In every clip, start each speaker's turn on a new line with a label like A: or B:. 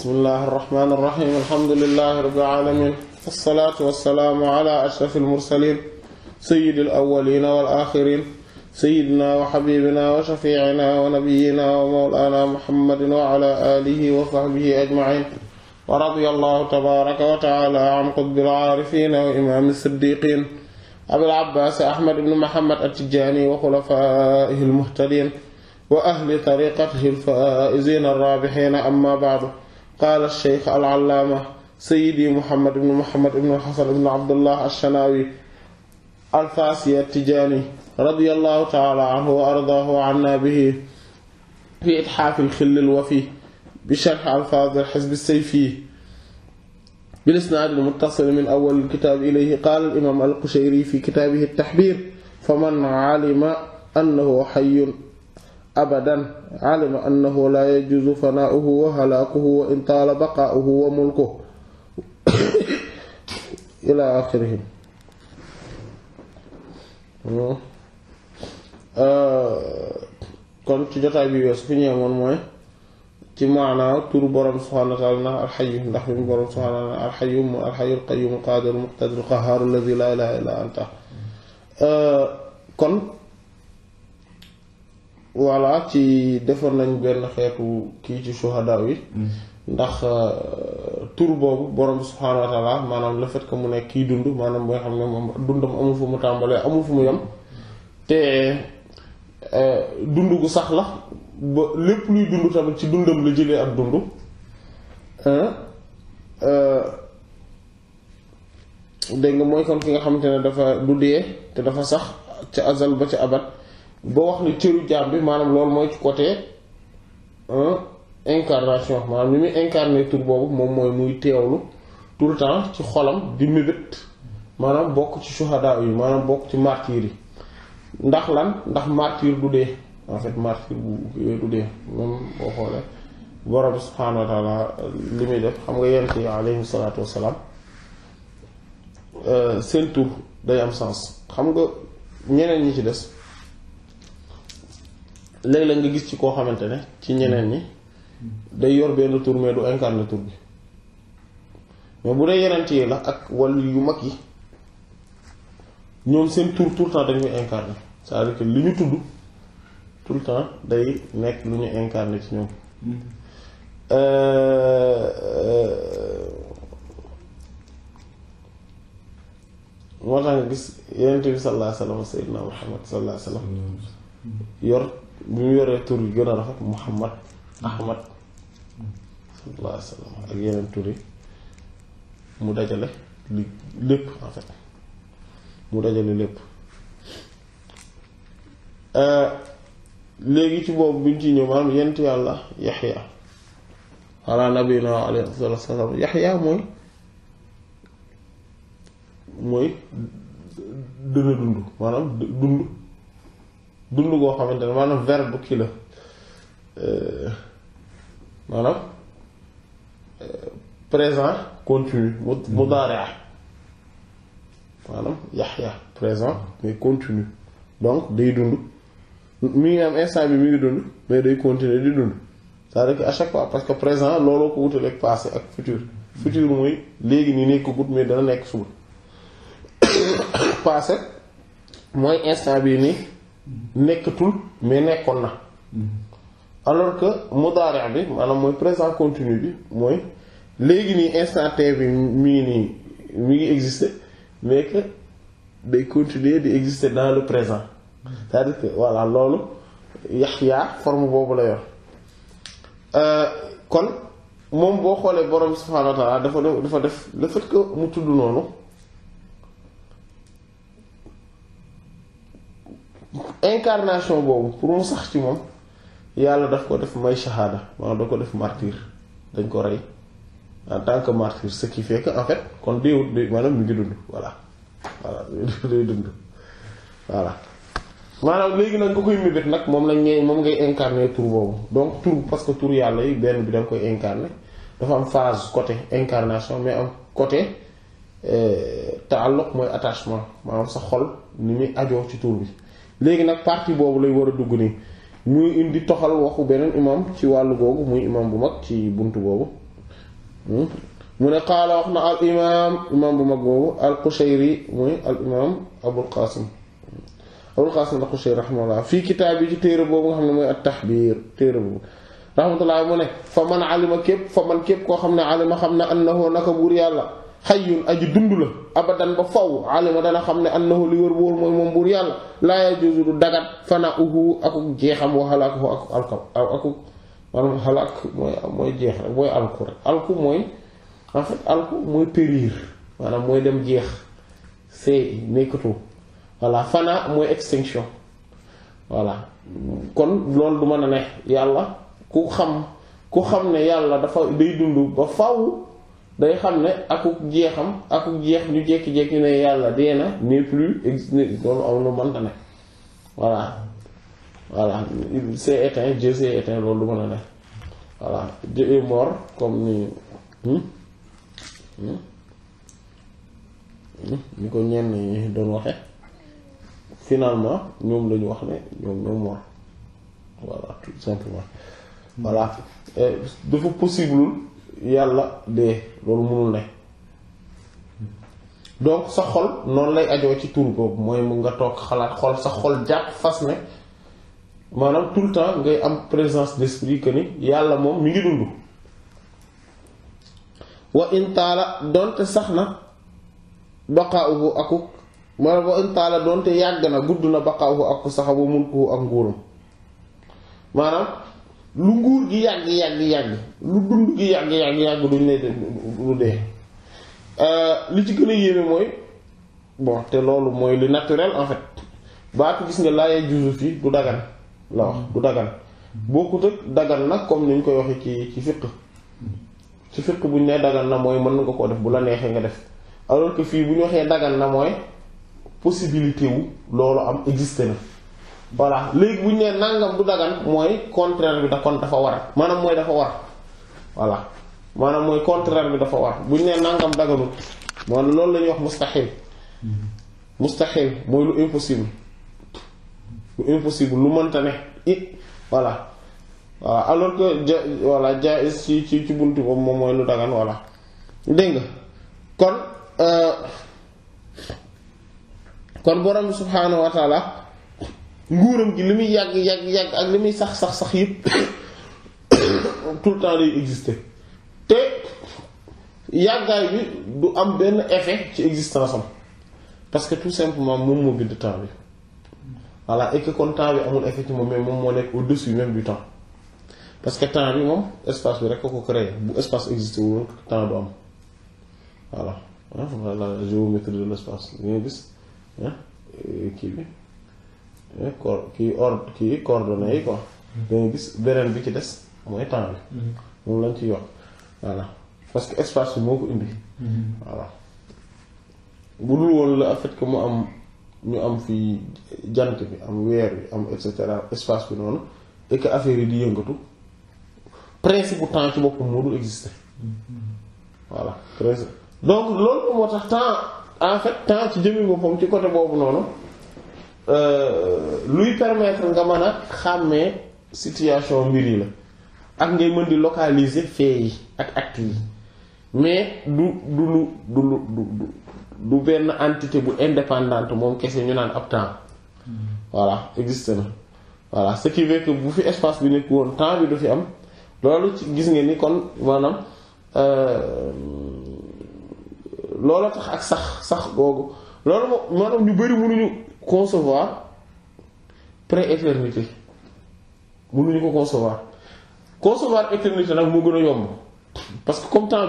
A: بسم الله الرحمن الرحيم الحمد لله رب العالمين والصلاة والسلام على أشرف المرسلين سيد الأولين والآخرين سيدنا وحبيبنا وشفيعنا ونبينا ومولانا محمد وعلى آله وصحبه أجمعين ورضي الله تبارك وتعالى عن قطب العارفين وإمام الصديقين أبي العباس أحمد بن محمد التجاني وخلفائه المهتدين وأهل طريقته الفائزين الرابحين أما بعد قال الشيخ العلامة سيدي محمد بن محمد بن الحسن بن عبد الله الشناوي الفاسي التجاني رضي الله تعالى عنه وأرضاه عنا به في إتحاف الخل الوفي بشرح ألفاظ الحزب السيفي بالإسناد المتصل من أول الكتاب إليه قال الإمام القشيري في كتابه التحبير فمن علم أنه حي أبدا علم أنه لا يجوز فناؤه وهلاكه وإن طال بقاؤه وملكه إلى آخرهم كون تي جوتاي بي ويس في نيامون موي تي معنا تور بروم سبحانه وتعالى الحي ندخ بي بروم سبحانه وتعالى الحي الحي القيوم القادر المقتدر القهار الذي لا اله الا انت ا كون voilà ci defoon nañ benn xeetu kii ci shuhada yi mm. ndax euh, tur boobu borom subhaanahu wa taala maanaam le fait mu nekk kii dund maanaam mooy xam ne moom dundam amul fu mu tàmbalee amul fu mu yem te euh, dund gu sax la ba lépp luy dund tamit ci dundam la jëlee ak dund euh, dégg nga mooy kon ki nga xamante ne dafa du dee te dafa sax ca azal ba ca abat boo wax ni cëru jaam bi maanaam loolu mooy ci côté incarnation maanaam ni muy incarné tur boobu moom mooy muy teewlu tout le temps ci xolam di mébét maanaam bokk ci suhadaa yi maanaam bokk ci martyr yi ndax lan ndax martyr du dee en fait martyr bu boo xoolee borom subhaanahu wa li muy def xam nga yent yi alayhi salaatu wasalaam euh, seen tur day am sens xam nga ñeneen ñi ci des léegi la nga gis ci koo xamante ne ci ñeneen ñi day yor benn tur mais du incarne tur bi mais bu dee yeneen yi la ak wàllu yu mag yi ñoom seen tur tout le temps dañ koy incarne c'est-à-dire que ñu tudd tout le temps day nekk lu ñu incarne ci ñoom mm-hmm. euh, euh, moo tax nga gis yeneen bi sallallahu alayhi wa sallam Seydina Muhammad sallallahu alayhi mm-hmm. yor bi mu yoree tur yi gën a rafet muhammad ahmad sallallahu alayhi ak yeneen turi mu dajale li lépp en fait mu dajale lépp euh, léegi ci boobu bi ñu ci ñëw maanaam yent yàlla yaxya ala nabina alayhi salaatu wa salaam mooy mooy dana dund maanaam dund dund goo xamante ne maanaam verbe kii la euh, maanaam euh, présent continue continu mudaari'a maanaam Yaxya présent mais continu donc day dund mi ngi am instant bi mi ngi dund mais day continuer di dund c'est-à-dire que à chaque fois parce que présent looloo ko wutaleeg passé ak futur futur mooy léegi nii nekkagut mais dana nekk suba passé mooy instant bi nii nekkatul mais nekkoon na alors que mudaari bi maanaam mooy présent continu bi mooy léegi nii instant T bi mi ngi nii mi ngi exister mais que day continuer di exister dans le présent c'est-à-dire que voilà loolu Yaxya forme boobu la yor euh, kon moom boo xoolee borom subhaanahu wa ta'ala dafa def dafa def le fait mu tudd noonu. incarnation boobu pour mu sax ci moom yàlla daf ko def may shahada maanaam da ko def martyr dañ ko rey en tant que martyr yi qui fait que en fait kon déewut de maanaam mu ngi dund voilà maanaam léegi nag nga koy mébét nag moom lañ ngay moom ngay incarner tur boobu donc tur parce que tur yàlla yi benn bi da koy incarner dafa am phase côté incarnation mais am côté euh, taalluq mooy attachement maanaam sa xol ni muy ajoo ci tur bi léegi nag partie boobu lay war a dugg nii muy indi toxal waxu beneen imam ci wàllu boobu muy imam bu mag ci bunt boobu hmm? mu ne qaala wax na al imam imam bu mag boobu al Qushayri muy al imam Abul Qasim Abul Qasim al Qushayri rahmatullah fii kitaab yi ci téere boobu nga xam ne mooy at tahbir téere boobu rahmatullah mu ne fa man alima képp fa man képp koo xam ne alima xam ne annahu naka buur yàlla xayyun aji dund la abadan ba faw alima dana xam ne annahu li wër wóor mooy moom buur yàlla laa yajuuzu du dagat fana uhu akuk jeexam wa halaakuhu akuk alkam akuk maanaam halaak mooy mooy jeex rek mooy alku rek alku mooy en fait alku mooy périr maanaam mooy dem jeex see nekkatu voilà fana mooy extinction voilà kon loolu du mën a ne yàlla ku xam ku xam ne yàlla dafa day dund ba faw day xam akuk jeexam akuk jeex ñu jékki-jékki ne yàlla dee na n'est plus existe loolu am lu mënta ne voilà voilà c'est éteint Dieu c'est éteint loolu du mën a voilà Dieu est mort comme ni hmm? Hmm? hmm ni ko ñenn ñi doon waxe finalement ñom lañu wax né ñom ñoom mort voilà tout simplement voilà euh, dafa possible yàlla dee loolu mënul ne donc sa xol noonu lay ajoo ci tur boobu mooy mu nga toog xalaat xol sa xol jàpp fas ne maanaam tout le temps ngay am présence d'esprit que ni yàlla moom mu ngi dund wa intaala donte sax na baqaawuhu aku maanaam wa intaala donte yàgg na gudd na baqaawuhu aku saxabu mulkuhu ak nguuram maanaam lu nguur gi yàgg yàgg yàgg lu dund gi yàgg yàgg yàgg duñ lay du dee euh, li ci gën a yéeme mooy bon te loolu mooy li naturel en fait baatu gis nga laayee juzu fii du dagan la wax du boo ko ak dagan nag comme ni ñu koy waxee ci ci fiq ci fiq bu ñu nee dagan na mooy mën nga koo def bu la neexee nga def alors que fii bu ñu waxee dagan na mooy possibilité wu loolu am existé na. wala legui buñ né nangam du dagan moy contraire bi da kon dafa war manam moy dafa war wala manam moy contraire bi dafa war buñ né nangam dagalu maanaam loolu lañ wax mustahil mustahil moy lu impossible lu impossible lu mënta it wala wala alors que ja voilà ci ci ci buntu mom moy lu dagan wala deng kon kon euh, kon borom subhanahu wa taala nguuram gi li yag yag yàgg ak li sax sax sax yeb tout le temps day exister te yàggaay bi du am ben effet ci existence am parce que tout simplement moom moo bind temps bi voilà et que kon temps bi amul effet ci moom mais moom moo nekk au-dessus même du temps parce que temps bi moom espace bi rek ko ko créé bu espace existé wu temps du am voilà hein, voilà géométrie de l'espace li nga hein kii bi. Eh, ki ordre kii coordonnées yi quoi. dañuy gis beneen bi ci des mooy temps bi. Mm-hmm. moom lañ ci yokk voilà parce que espace bi moo ko indi. Mm-hmm. voilà bu dul woon la en fait mu am ñu am fii jant bi am weer bi am et espace bi noonu et que affaire yi di yëngatu principe bu temps ci boppam moo dul exister. Mm-hmm. voilà donc loolu moo tax temps en temps ci jëmmi boppam ci côté boobu noonu. Euh, luy permettre nga mën a xàmmee situation mbir yi la ak ngay mën di localiser fee yi ak actes yi mais du du lu du lu du du benn entité bu indépendante moom kese ñu naan ab temps voilà existe na voilà ce qui veut bu fi espace bi nekk woon temps bi du fi am loolu ci gis ngeen ni kon maanaam euh, loolu tax ak sax sax googu loolu moom maanaam ñu bari mënuñu concevoir pré-éternité pouvez pas concevoir concevoir éternité c'est ce gën yom. parce que comme temps na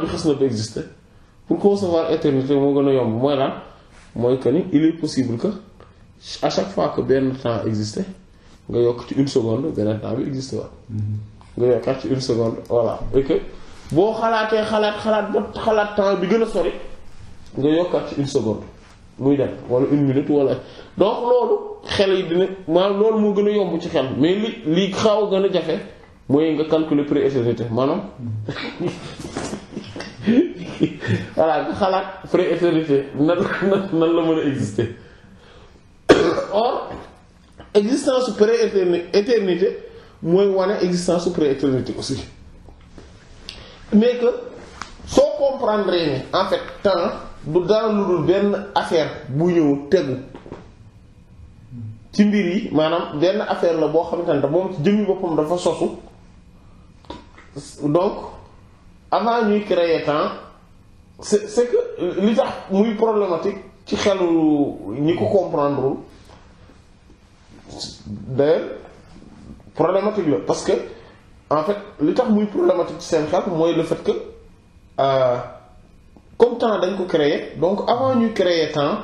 A: pour concevoir éternité c'est gën a il est possible que à chaque fois que le temps existe nga y une seconde le temps bi mm-hmm. une seconde voilà et que si vous avez temps une seconde muy dem wala une minute wala donc loolu xel yi dina maanaam loolu moo gën a yomb ci xel mais li li xaw a gën a jafe mooy nga calculer prix électricité maanaam voilà nga xalaat prix électricité nan la mën a exister or existence su pré éternité mooy wane existence su pré éternité aussi mais que soo comprendre ne en fait temps. du daal lu dul benn affaire bu ñëw tegu ci mbir yi maanaam benn affaire la boo xamante ne moom ci jëmmi boppam dafa sosu donc avant ñuy créer temps c'est c'est que li tax muy problématique ci xelu ñi ko comprendrewul d'ailleurs problématique la parce que en fait li tax muy problématique ci seen xel mooy le fait euh, comme temps dañ ko créer donc avant ñu créer temps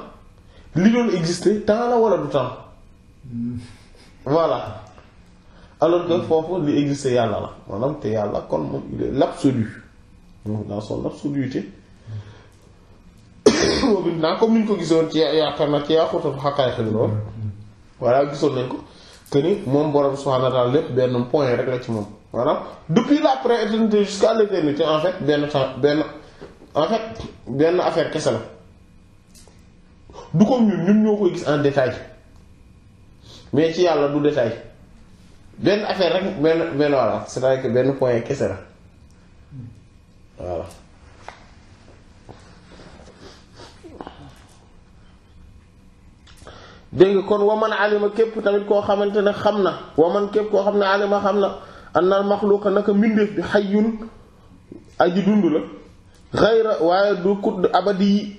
A: li doon exister temps la wala du temps voilà alors que fofu li exister yalla la maanaam té yalla kon moom il est l'absolu dans son absoluité boobu comme ni ñu ko gisoon ci yaakaar naa ci yaaxutal xaqaay xel lool voilà gisoon nañ ko que ni mom borom subhaanahu wa ta'aala lépp benn point rek la ci mom voilà depuis la pré-éternité jusqu'à l'éternité en fait ben temps benn en fait benn affaire kese la du ko ñun ñun ñoo koy gis en détail mais ci yàlla du détail benn affaire rek benn benn voilà cest à benn point kese la voilà. dégg nga kon waman alima képp tamit koo xamante ne xam na waman képp koo xam ne alima xam na annal maxluuqa naka mbindeef bi xayyun aji dund la. xayra waaye du kudd abadi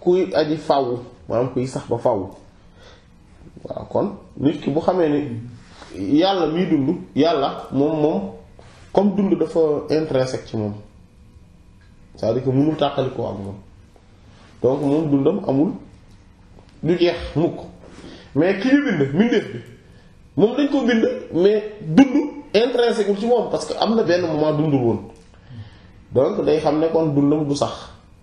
A: kuy aji fàww maanaam kuy sax ba fàww waaw kon nit ki bu xamee ni yàlla miy dund yàlla moom moom comme dund dafa intrinsèque ci moom c'est-à-dire que mënul tàqalikoo ak moom donc moom dundam amul du jeex mukk mais ki bind mbindeef bi moom dañ ko bind mais dund intrinsèque ci moom parce que am na benn moment dundul woon donc day xam nekkoon kon dundam du sax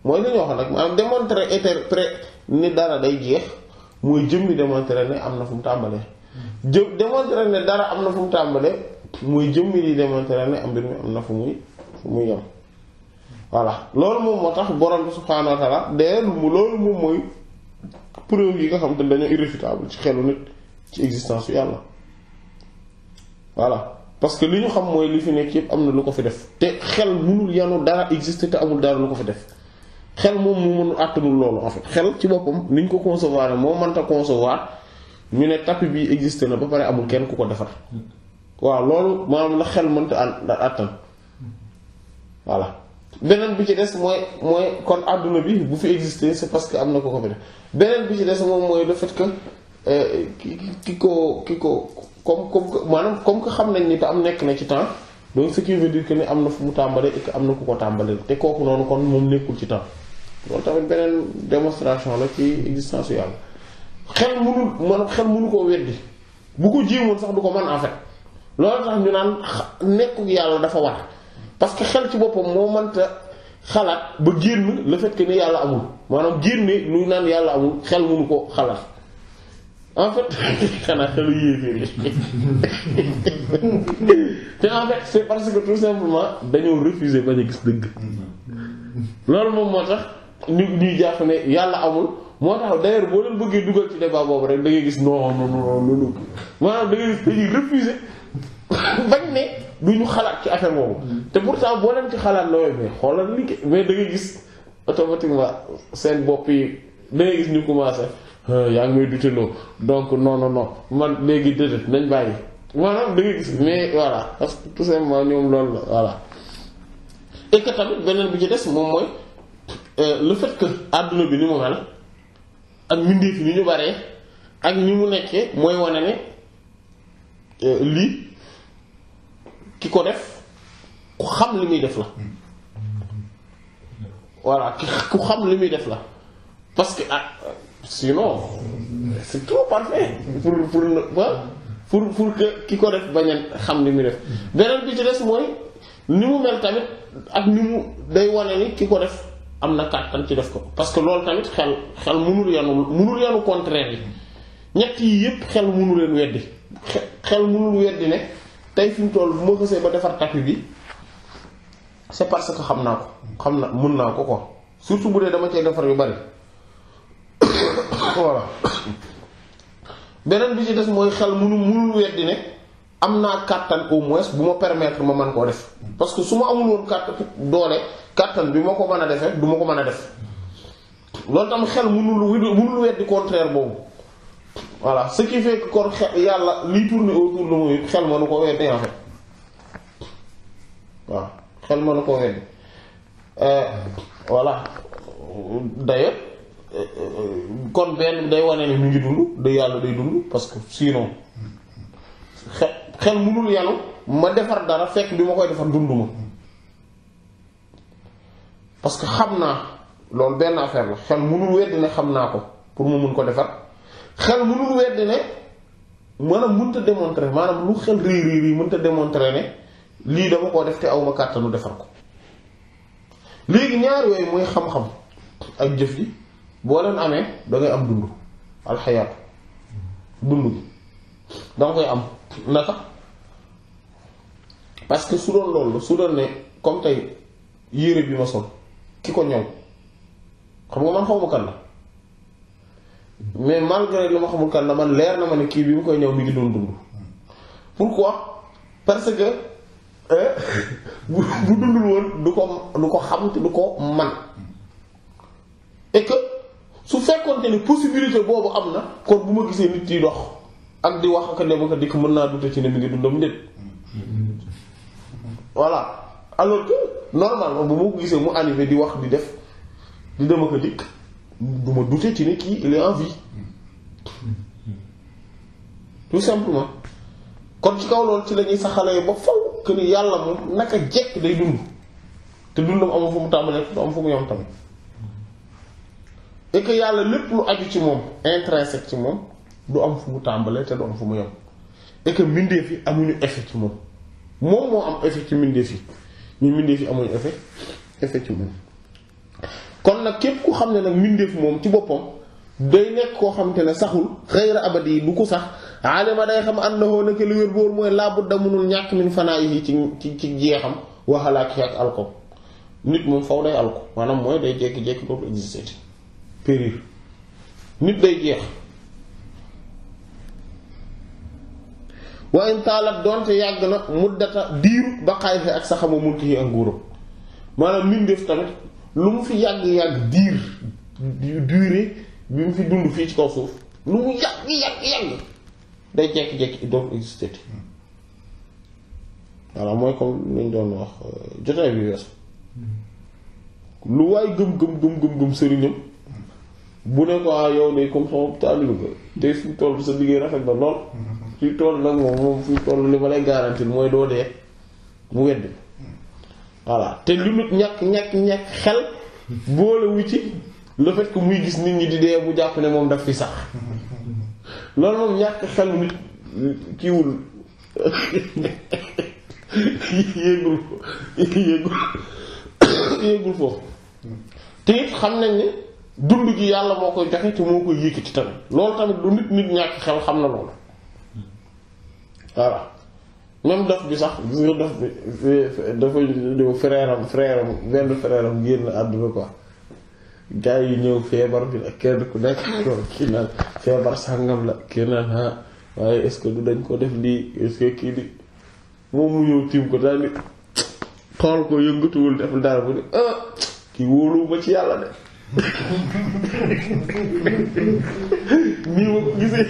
A: mooy li ñu wax nag maanaam démontrer interprète ni dara day jeex mooy jëmmi démontrer ne am na fu mu tàmbalee. jëm démontrer ne dara am na fu mu tàmbalee mooy jëmmi di démontrer ne am mbir mi am na fu muy fu muy voilà loolu moom moo tax boroon bi subhaanahu wa taala de loolu moom mooy preuve yi nga xam te dañoo irréfutable ci xelu nit ci existence yu yàlla voilà. parce que li ñu xam mooy li fi nekk yépp am na lu ko fi def te xel mënul yanu dara existe te amul dara lu ko fi def xel moom mu mënu àttanul loolu en fait xel ci boppam ni ñu ko concevoir moo mënta concevoir ñu ne tapis bi existe na ba pare amul kenn ku ko defar waaw loolu maanaam la xel mënta àttan voilà beneen bi ci des mooy mooy kon àdduna bi bu fi exister c'est parce que am na ko ko fi def beneen bi ci des moom mooy le fait que euh, ki ki ko ki ko comme comme que maanaam comme que xam nañ ni te am nekk na ci temps donc ce qui veut dire que ni am na fu mu tàmbalee et que am na ku ko tàmbalee te kooku noonu kon moom nekkul ci temps loolu tamit beneen démonstration la ci existence yàlla xel mënul maanaam xel mënu koo weddi bu ko jéemoon sax du ko mën en fait loolu tax ñu naan nekku yàlla dafa war parce que xel ci boppam moo mënta xalaat ba génn le fait que ni yàlla amul maanaam génne lu naan yàlla amul xel mënu ko xalaat. en fait xanaa xelu yéeféer yi te en fait parce que tout simplement dañoo refuser bañ a gis dëgg loolu moom moo tax ñu ñuy jàpp ne yàlla amul moo tax d'ailleurs boobu rek da ngay gis non non non loolu maanaam da ngay gis dañuy refuser bañ ne duñu xalaat ci affaire moomu te pourtant boo leen ci xalaat la way mais xoolal liggéey mais da gis automatiquement seen bopp yi da gis ñu commencé Euh, donc non non non man léegi déedéet nañ bàyyi voilà, da nga gis mais voilà parce que tout simplement ñoom loolu voilà. et que tamit beneen bi ci des moom euh, le fait que àdduna bi ni mu mel ak mbindeef ni ñu ak ni mu nekkee mooy wane ne euh, lii ki ko xam def la. voilà ku xam li def la parce que ah, sinon c'est trop parfait pour pour pour pour que ki ko def bañ xam ni mu def beneen bi ci des mooy ni mu mel tamit ak ni mu day wane ni ki ko def am na kàttan ci def ko parce que loolu tamit xel xel mënul yanu mënul yanu contraire yi ñett yi yépp xel mënu leen weddi xel mënul weddi ne tey fi mu toll bu ma ba defar tapis bi c'est parce que xam naa ko xam na mun naa ko ko surtout bu dee dama cee defar yu bari voilà beneen bi ci des mooy xel munu munul weddi ne am naa kàttan au moins bu ma permettre ma man koo def parce que su ma amul woon kàttan doole kàttan bi ma ko mën a defee du ma ko mën a def loolu tam xel munul munul weddi contraire boobu voilà ce qui kon xel yàlla liy tourner autour de mooy xel mënu ko weddi en fait waaw xel ko weddi euh, voilà d'ailleurs kon benn bi day wane ne mu ngi dund da yàlla day dund parce que sinon xel xel mënul yàlla ma defar dara fekk bi ma koy defar dund ma parce que xam naa loolu benn affaire la xel mënul weddi ne xam naa ko pour mu mun ko defar xel mënul weddi ne maanaam mënta démontrer maanaam lu xel réy réy réy mënta démontrer ne lii dama koo def te awma kàttanu defar ko léegi ñaar yooyu mooy xam-xam ak jëf yi boo leen amee dangay am dund alxayaatu dund gi danga koy am na tax parce que su doon loolu su doon ne comme tey yére bi ma sol ki ko ñëw xam nga man xaw ma kan la mais malgré li ma xamul kan la man leer na ma ne kii bi mu koy ñëw mi ngi doon dund pourquoi parce que euh, bu dundul woon du ko du ko xam du ko man et su fekkoon fekkoonte ni possibilité boobu am na kon bu ma gisee nit yi dox ak di wax ak ne ma dikk mën naa dute ci ne mi ngi dundam déet voilà alors que normalement bu mu gisee mu animé di wax di def di dem ko dikk du ma dute ci ne kii il est en vie kon ci kaw loolu ci lañuy ñuy saxalee ba faw que yàlla moom naka jekk day dund te dundam amul fu mu tàmbalee am fu mu yom tamit et yàlla lépp lu aju ci moom intrinsèque ci moom du am fu mu tàmbalee te du am fu mu yem et que yi amuñu effet ci moom moo am effet ci mbindeef yi ñu mbindeef yi amuñu effet effet ci kon nag képp ku xam ne nag mbindeef moom ci boppam day nekk koo xam te ne saxul xayra abadi yi du ko sax alima day xam annahu nak lu wér bóor mooy laa bu damunul ñàkk min fanaa yi ci ci ci jeexam waxalaaki ak alko nit moom faw day alko maanaam mooy day jékki-jékki dootu exister périr nit day jeex wa in doonte yàgg na muddata diiru baqaay fi ak saxama mulki yi ak nguuram maanaam min tamit lu mu fi yàgg-yàgg diir durée bi mu fi dund fii ci kaw suuf lu mu yàgg-yàgg-yàgg day jekki-jekki doon existé voilà mooy comme lañ doon wax euh, jotaay bi weesu lu waay gëm-gëm gëm-gëm gëm sëriñam bu ne ko ah yow de comme sama taalibe ko te fi toll sa liggéey rafet na lool fi toll nag moom moom fi toll li ma lay garantir mooy doo dee mu wedd voilà te lu nit ñàkk ñàkk ñàkk xel boolewu ci le fait que jàpp ne moom daf fi sax loolu moom ñàkk foofu te it xam nañ ne dund gi yàlla moo koy joxe te moo koy yëkkati tamit loolu tamit du nit ñàkk xel xam na loolu voilà même daf bi sax gis nga daf bi dafa ñëw frère am frère am génn àdduna quoi gars yi ñëw feebar bi la kenn ku nekk kii naan feebar sàngam la kii naan ah waaye est-ce du dañ ko def lii est-ce kii di moom mu ñëw tiim ko daal di xool ko yëngatuwul def dara bu ne ah, kii wóolu ba ci yàlla de. nii ma ko gisee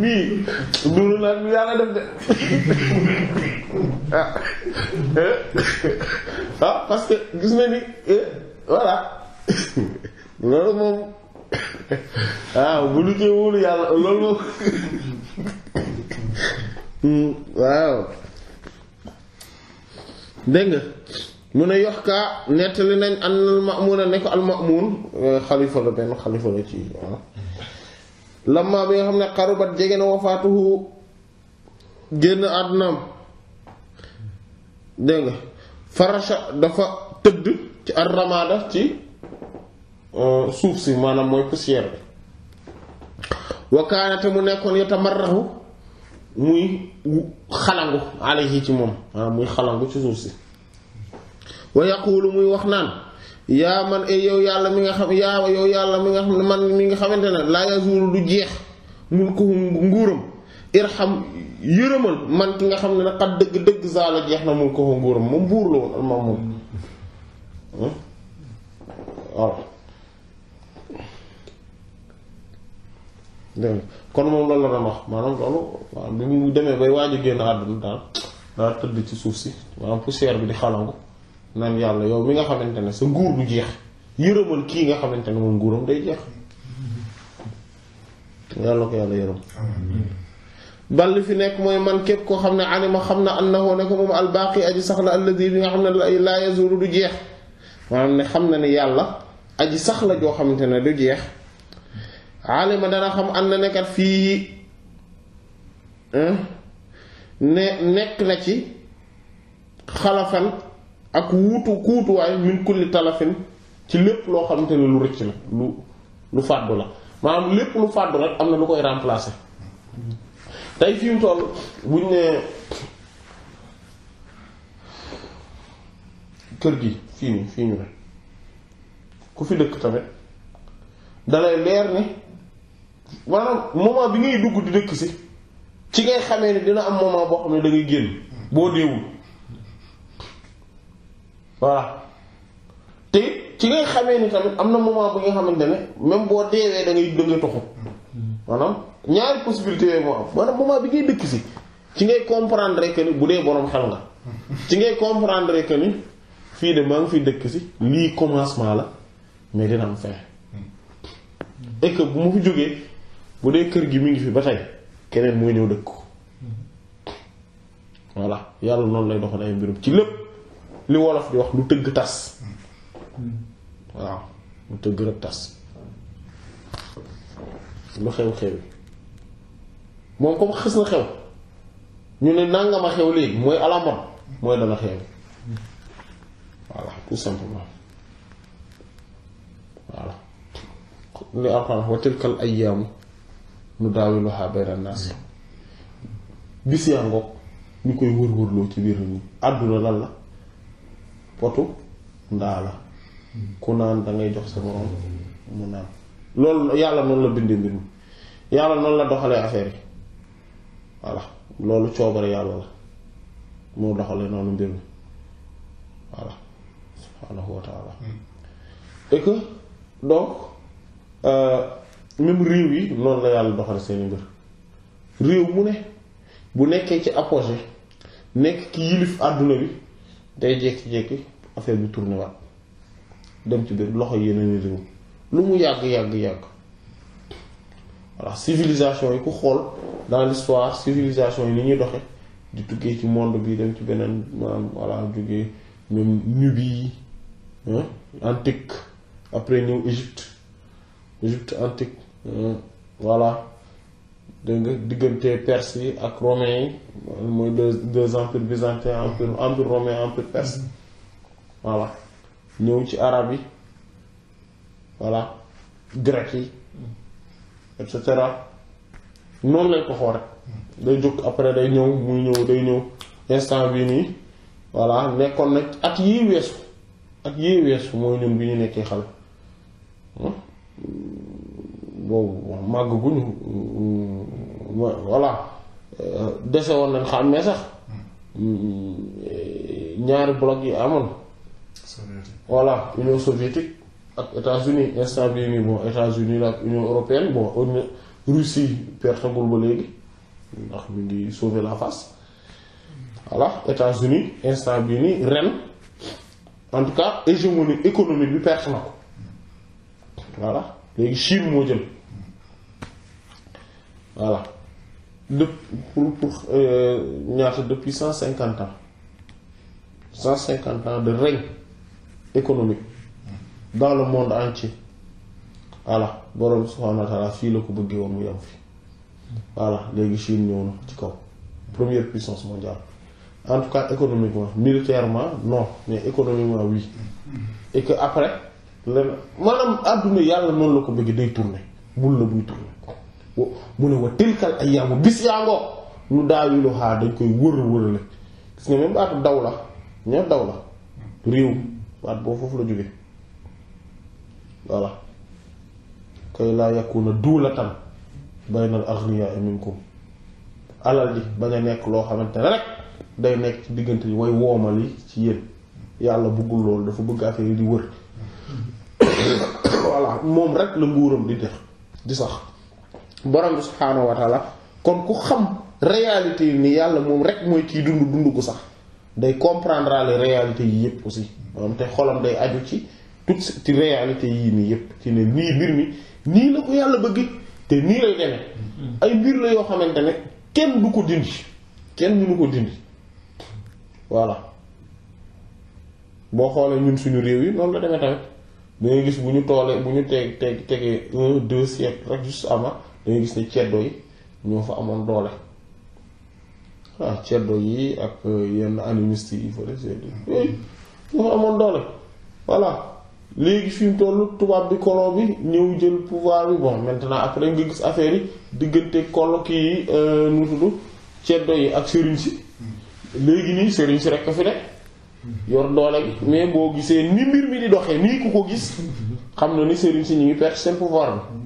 A: nii duru naan bi def de ah, eh, ah parce que gis na ni eh, voilà loolu moom waaw ah, bu lu cee wóolu yàlla loolu moom hmm, waaw dégg mu ne yox kaa nettali nañ an al ma'mun ne ko al ma'mun euh, xalifa benn xalifa la ci waaw lamma bi nga xam ne xarubat jege na wafaatuhu génn àddunaam dégg nga farasha dafa tëdd ci ar ci euh, suuf si maanaam mooy poussière bi wakaanate mu nekkoon yatamarrahu muy xalangu alayhi ci moom waaw ah, muy xalangu ci suuf si wa yaquulu muy wax naan yaa man ay eh, yow yàlla mi nga xam yaa yow yàlla mi nga xam ne man mi nga xamante ne laa yazuulu du jeex mulkuhum nguuram irham yërëmal man ki nga xam ne nag xat dëgg dëgg zaala jeex na mulkuhum nguuram moom buur la woon al-Maamun hmm? kon moom loolu la doon wax maanaam loolu waaw bi mu demee bay waaj génn àdduna daal daa tëdd ci suuf si maanaam poussière bi di xalangu nan yàlla yow mi nga xamantene sa nguur du jeex yeureumal ki nga xamantene mo moom nguuram day jeex yàlla ko yàlla yërëm bal li fi nek moy man kep ko xamne ani ma xamna na annahu naka al baqi aji sax alladhi bi nga xam la yazuru du jeex maanaam ne xam na yàlla aji sax jo xamantene du jeex alima dana xam an na fi hein ne nekk na ci khalafan ak wuutu kuutuwaay min kulli talafin ci lépp loo xamante ne lu rëcc la lu lu fàddu la maanaam lépp lu fàddu rek am na lu koy remplacer tey fi mu buñ kër gi fii nii fii ku fi dëkk tamit dalay leer ni maanaam moment bi ngay dugg di dëkk si ci ngay xamee ni dina am moment boo xam ne da génn boo déewul voilà te ci ngay xamee ni tamit am na moment bu nga xamante ne même boo deewee da ngay da ngay toxu maanaam ñaari possibilité yooyu moo am maanaam moment bi ngay dëkk si ci ngay comprendre que ni bu dee boroom xel nga ci ngay comprendre que ni fii de maa ngi fi dëkk si lii commencement la mais dina am fin et bu ma fi jógee bu dee kër gi mi ngi fi ba tey keneen mooy ñëw dëkk ko voilà yàlla noonu lay doxal ay mbirum ci lépp. li wolof di wax lu teug tass waaw lu teug rek tass lu xew xew mo ko xiss na xew ñu ne nangama xew léegi mooy alamon moy dana xew voilà tout simplement voilà li alxuraan wa tilkal ayyam nu dawilu ha bis nas ngoog ñu koy wër lo ci biir nit ñi lan la potu ndaa la ku naan dangay jox sa borom mu naan loolu yàlla noonu la bindee mbir mi yàlla noonu la doxalee affaire yi voilà loolu coobare yàlla la moo doxalee noonu mbir mi voilà subhaanahu wa taala et donc euh, même réew yi noonu la yàlla doxale seeni mbir réew mu ne bu nekkee ci apogée nekk ki yilif àdduna bi day affaire bi tourner dem ci civilisation yi pour xol dans l'histoire civilisation yi ni du tout di tuggé ci monde bi dem ci hein, antique après nous Égypte Égypte antique hein, voilà diggante perse yi ak romains moy deux deux empires byzantin empire empire romain empire perse voilà ñëw ci arab voilà grec yi et cetera non lañ ko xool day juk après day ñew muy ñew day ñew instant bi ni voilà nekkoon na at yi weesu ak yi weesu moy ñun bi ñu nekkee xale hmm? boobu màgg voilà euh, dese woon nañ xamé sax hmm. euh, ñaar bloc yi voilà union soviétique ak États-Unis instant bii bon États-Unis la union européenne bon Russie pertagul ba légui ndax mi ngi sauver la face voilà États-Unis instant bii ren en tout cas hégémonie économique bi perte voilà légui Chine mo jël voilà de pour pour euh, ñaata depuis cent cinquante ans cent cinquante ans de règne économique dans le monde entier voilà borom subhaanahu wa fii la ko bëggee woon mu yem fi voilà léegi Chine ñëw na ci kaw première puissance mondiale en tout cas économiquement militairement non mais économiquement oui et que après lenn maanaam àdduna yàlla noonu la ko bëggee day tourner bul la buy tourner. mu ne wa tilkal ayyaamu bis yaa ngoog lu daawiluhaa dañ koy wër wërale gis nga même baatu daw la ñeew daw la réew baat boobu foofu la jóge voilà kay laa yakuna duulatan baynal aghniyaa minkum alal ji ba nga nekk loo xamante ne rek day nekk ci diggante yi way woomali ci yéen yàlla bëggul loolu dafa bëgg affaire yi di wër voilà moom rek la nguuram di def di sax borom bi subhaanahu wa kon ku xam réalité yi ni yàlla moom rek mooy kii dund dund ko sax day comprendre les réalités yi yépp aussi maanaam te xolam day aju ci toutes ci réalités yii nii yépp ci ne nii mbir mi nii la ko yàlla bëgg te nii lay demee mm-hmm. ay mbir la yoo xamante ne kenn du ko dindi kenn mënu ko dindi voilà boo xoolee ñun suñu réew yi noonu la demee tamit da gis bu ñu toolee bu ñu teg teg tegee un deux siècles rek juste avant dangay gis ne ceddo yi ñoo fa amoon doole waaw ceddo yi ak euh, yenn animiste yi fa ñoo fa amoon doole voilà léegi fi mu tubaab bi colon bi ñëw jël pouvoir bi bon maintenant après nga gis affaire yi diggante colon kii euh, nu tudd ceddo yi ak sëriñ si léegi nii sëriñ si rekk fi ne yor doole gi mais boo gisee ni mbir mi di doxee nii ku ko gis xam na ni sëriñ si ñu ngi perte seen pouvoir bi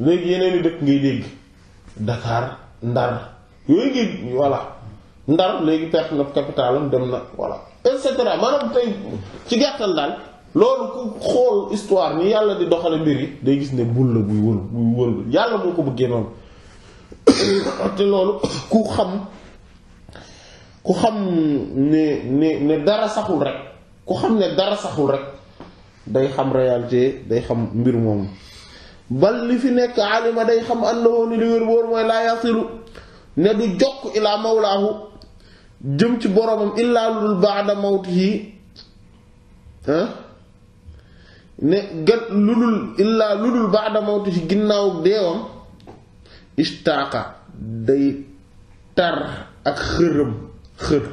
A: léegi yeneen i dëkk ngay dégg Dakar Ndar yooyu ngi voilà Ndar léegi perte na capital am dem na voilà et cetera maanaam tey ci gàttal daal loolu ku xool histoire ni yàlla di doxale mbir yi day gis ne bul la buy wël buy wël yàlla moo ko bëggee noonu te loolu ku xam ku xam ne ne ne dara saxul rek ku xam ne dara saxul rek day xam réalité day xam mbir moomu bal li fi nekk alima day xam annahu ni li wér wóor mooy laa yasilu ne du jokk ilaa mawlaahu jëm ci boromam illaa lu dul illaa ah, lu dul baada mawtihi ginnaaw deewam istaaqa day tar ak xërëm xër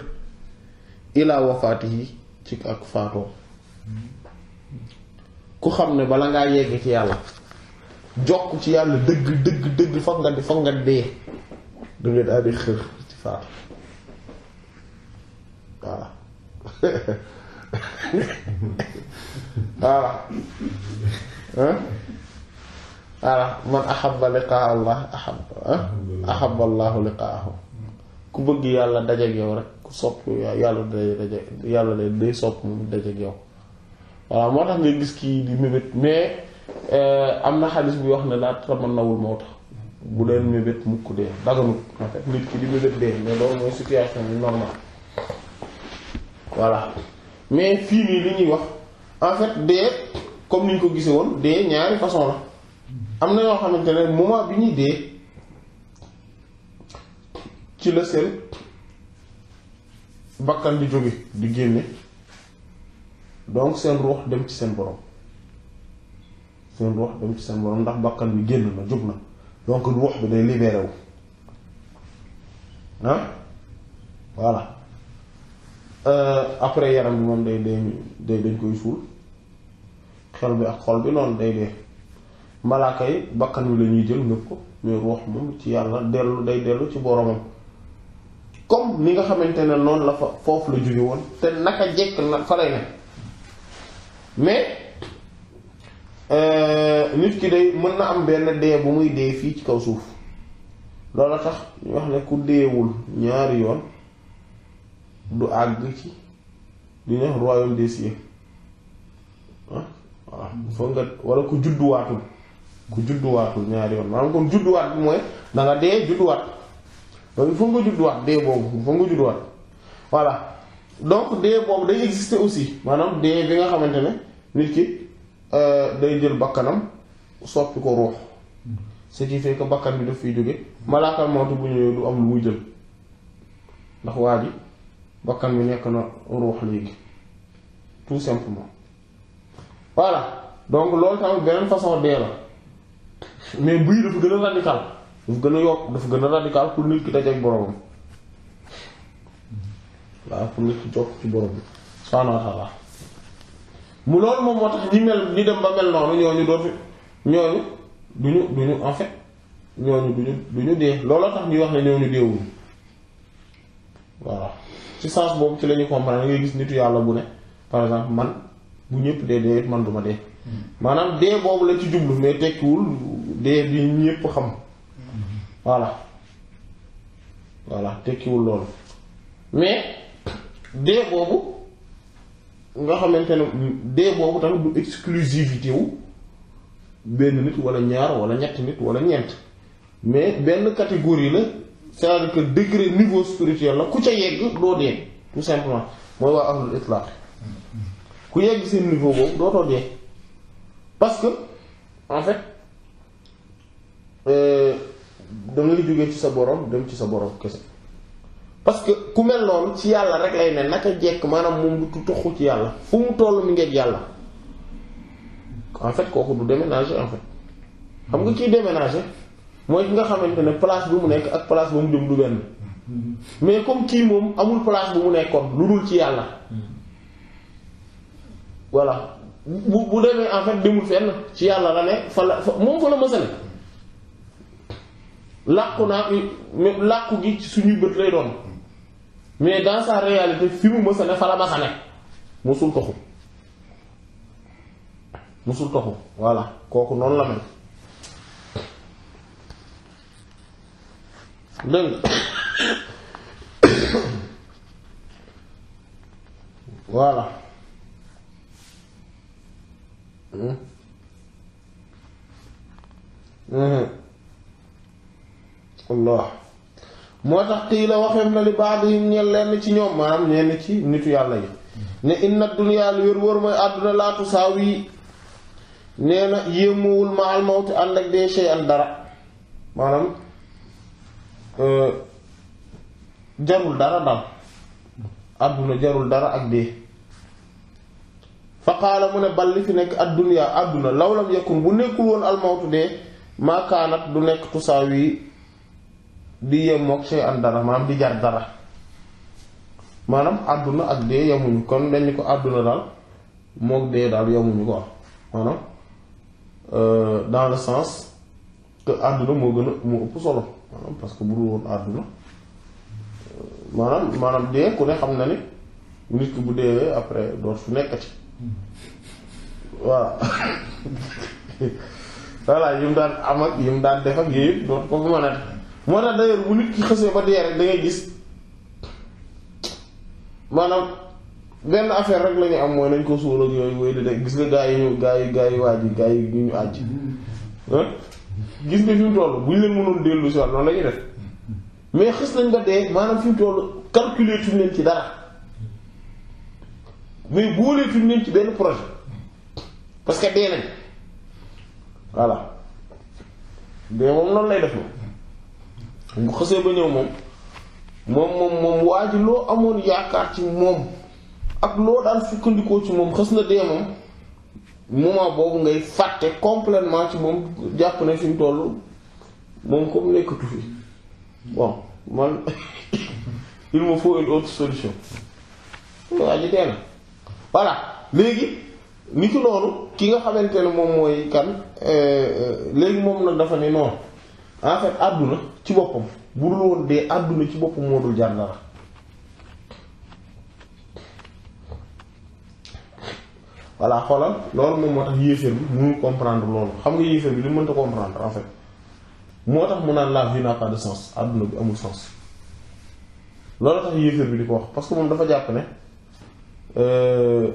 A: ilaa wafaatihi ci ak faatoom ku xam ne bala ngaa yegg ci yàlla jokk ci yàlla dëgg dëgg dëgg foog nga foog dee da daal di xër ci faatu voilà voilà man ahabba liqaa allah ahabba ahabba allahu liqaahu ku bëgg yàlla dajeek yow rek ku yàlla day yàlla day sopp mu dajeek yow voilà moo tax nga gis kii di mébét mais Euh, am na xaalis bi wax ne laa tamannawul mawt bu leen mébét mukk dee daganut en fait nit ki di mébét dee mais loolu mooy situation bi normal voilà mais fii nii li ñuy wax en fait dee comme ni ñu ko gisee woon dee ñaari façon la am na ñoo xamante ne moment bi ñuy dee ci la seen bakkan di jóge di génne donc seen ruux dem ci seen borom. seen ruux dem ci seen borom ndax bakkan bi génn na jub na donc ruux bi day libéré wu ah euh, après yaram bi moom day day dañ koy suul xel bi ak xol bi noonu day dee malaaka bakkan bi la ñuy jël nëb ko mais ruux moom ci yàlla dellu day dellu ci boromam comme ni nga xamante ne noonu la fa foofu la jóge woon te naka jekk na ne mais Euh, nit ki day mën na am benn dee bu muy dee fii ci kaw suuf loola tax ñu wax ne ku deewul ñaari yoon du àgg ci li ñuy wax royaume des ah foog nga wala ku judduwaatul ku judduwaatul ñaari yoon maanaam kon judduwaat bi mooy da nga dee judduwaat loolu foog nga judduwaat dee boobu foog judduwaat voilà donc dee boobu day exister aussi maanaam dee bi nga xamante ne nit ki. Euh, day jël bakkanam soppi ko ruh ce qui fait que bakkan bi daf fiy jóge malaakal mawtu bu ñëw du am lu muy jël ndax waji bakkan bi nekk na ruh léegi tout simplement voilà donc lool taw benen façon dee la mais buy dafa gën a radical dafa gëna yok yokk dafa gëna radical pour nit ki dajé borom waaw pour nit ki jox ci borom subhanahu wa taala mu loolu moom moo tax ñi mel ñi dem ba mel noonu ñooñu dootu ñooñu duñu duñu en fait ñooñu duñu duñu dee looloo tax ñuy wax ne ñooñu deewuñu voilà ci sens boobu ci la ñuy comprendre ngay gis nitu yàlla bu ne par exemple man bu ñëpp dee dee man duma dee hmm. maanaam dee boobu la ci jublu mais tekkiwul dee bi ñëpp xam hmm. voilà voilà tekkiwul loolu mais dee boobu nga xamante ne dee boobu tamit du exclusivité benn nit wala ñaar wala ñett nit wala ñeent mais benn catégorie la c'est-à-dire que degré niveau spirituel la ku ca yegg doo dee tout simplement mooy waa ahlul itlaq ku yegg seen niveau boobu dootoo dee parce que en fait euh, da ngay jógee ci sa borom dem ci sa borom kese parce que ku mel noonu ci yàlla rek lay ne naka jekk maanaam moom du tuxu ci yàlla fu mu toll mi ngeeg yàlla en fait kooku du déménager en xam nga kiy déménager mooy ki nga xamante ne place bu mu nekk ak place ba mu jëm du benn mais comme kii moom amul place bu mu nekkoon lu dul ci yàlla voilà bu bu demee en fait demul ci yàlla la ne fa la moom fa la mësale làqu naa làqu gi ci bët lay doon mais dans sa fi mu mësa ne fa la mësa ne toxu musul toxu voilà kooku noonu la mel dégg voilà hmm? Hmm. Allah moo tax xiila waxeem na li baadihim ñel lenn ci ñoom maanaam ñenn ci nitu yàlla yi ne inna duniyaa lu wér wër mooy àdduna laatu saaw yi nee na yéemuwul maal mawti ànd ak dee chey an dara maanaam euh, jarul dara dal àdduna jarul dara ak dee fa qaala mu ne bal li fi nekk àdduniyaa àdduna law lam yekkun bu nekkul woon almawtu dee maa kaanat du nekk tusaaw yi di yem mook sey an dara maanaam di jar dara maanaam àdduna ak dee yemuñu kon dañu ko àdduna daal mook dee daal yemuñu ko maanaam euh, dans le sens que àdduna moo gën a moo ëpp solo maanaam parce que bu dul woon àdduna euh, maanaam maanaam dee ku ne xam na ni nit ki bu deewee après doot fu nekkati voilà voilà yi mu daan am ak yi mu def ak yooyu doot ko fi mën moo tax d'ailleurs bu nit ki xësee ba dee rek da ngay gis maanaam benn affaire rek la ñuy am mooy nañ ko suul ak yooyu wéy de gis nga gaa yi ñu gaa yi gaa yi waaj yi gaa yi ñu àjj gis nga fi mu bu ñu leen mënoon dellu si waat noonu la ñuy def mais xës nañ ba dee maanaam fi mu toll tuñ leen ci dara mais boolee tuñ leen ci benn projet parce que dee nañ voilà dee moom noonu lay def moom. bu xësee ba ñëw moom moom moom moom loo amoon yaakaar ci moom ak loo daan sukkandikoo ci moom xës na dee moom moment boobu ngay fàtte complètement ci moom jàpp na fi mu toll moom comme nekkatu fi bon man il me faut une autre solution waa dee na voilà léegi ni ki loolu ki nga xamante ne moom mooy kan euh, euh, léegi moom nag dafa ne noonu en àdduna ci boppam bu dul woon dee àdduna ci boppam moo dul jar dara voilà xoolal loolu moom moo tax yéeféer bi mënul comprendre loolu xam nga yéeféer bi li mënta comprendre en moo tax mu naan la vie n'a pas de sens àdduna bi amul sens loolu tax yéeféer bi di ko wax parce que moom dafa jàpp ne euh,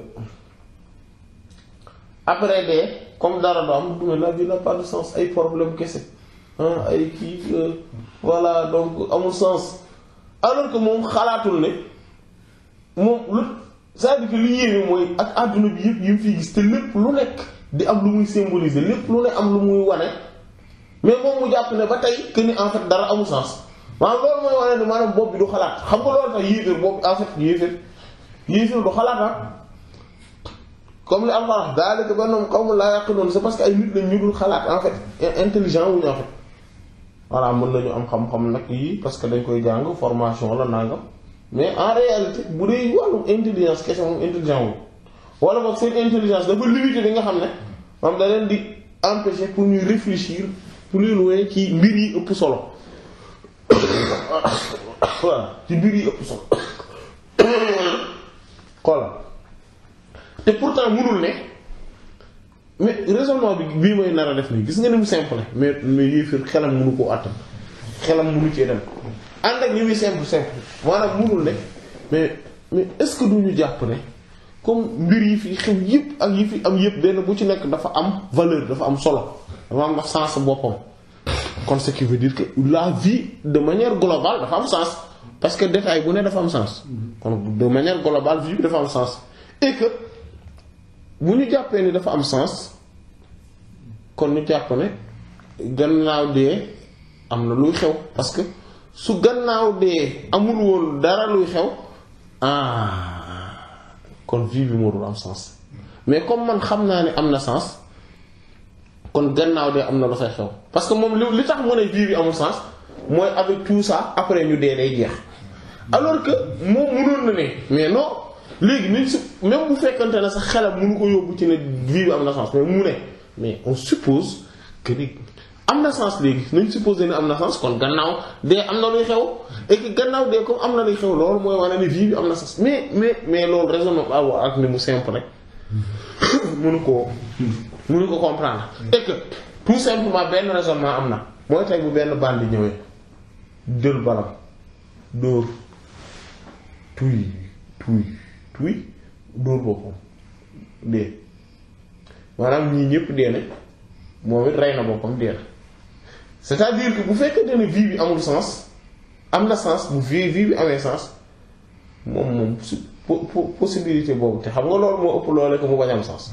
A: après de comme dara du am du la vie de sens ay problème kese hein ay ki euh, voilà donc amul sens alors que mom khalatul ne mom lu c'est-à-dire que li yéeme moy ak àdduna bi yëpp yi mu gis te lepp lu nek di am lu muy symboliser lepp lu ne am lu muy wané mais mom mu japp né ba tay que ni en fait dara amul sens wa loolu moy wane ne manam bopp bi du khalat xam nga loolu tax yéeféer bopp en fait yéeféer yéeféer du khalat ah comme li am wax daal daalika benn qawmun c'est parce que ay nit la ñu dul khalat en fait intelligent wuñu en fait maanaam mën nañu am xam-xam nag yii parce que dañ koy jàng formation la nangam mais en réalité bu dee wàllum intelligence question moom intelligent wu wala boog seen intelligence dafa limité li nga xam ne moom da leen di empêcher pour ñuy réfléchir plus loin ci mbir yi ëpp solo voilà ci mbir yi ëpp solo voilà te pourtant mënul ne. mais raisonnement bi bii mooy nar a def nii gis nga ni mu simple mais mais yéefir xelam mënu koo àttan xelam mënu cee dem ak ni muy simple simple maanaam mënul ne mais mais est-ce que duñu jàpp ne comme mbir yi fi xew yëpp ak yi fi am yëpp benn bu ci nekk dafa am valeur dafa am solo dafa am sens boppam. kon ce qui veut que la vie de manière globale dafa am sens parce que détail bu ne dafa am sens kon de manière globale vie bi dafa am sens et buñu jappé né dafa am sens kon ñu jàpp né gannaaw dé amna luy xew parce que su gannaaw dé amul woon dara luy xew ah kon vie bi moo am sens mais comme man xamna né amna sens kon gannaaw dé amna na lu fay xew parce que mom li tax mo né vie bi amul sens moy avec tout ça après ñu dé lay jeex alors que moom mënon na ne mais non légui même bu fekkante ne xelam ko ci ne mais mu ne mais on suppose que ni am sens sens kon gannaaw et que gannaaw comme luy xew vie mais mais mais raisonnement ak ni mu simple rek comprendre et que tout simplement ben raisonnement Moi, bu bandi balam puis dóor boppam dee maanaam ñii ñëpp dee nañ moom it rey na boppam dee na c'est-à-dire que bu fekkee ne vie bi amul sens am na sens bu vie vie bi amee sens moom moom possibilité boobu te xam nga loolu moo ëpp loole ko mu bañ am sens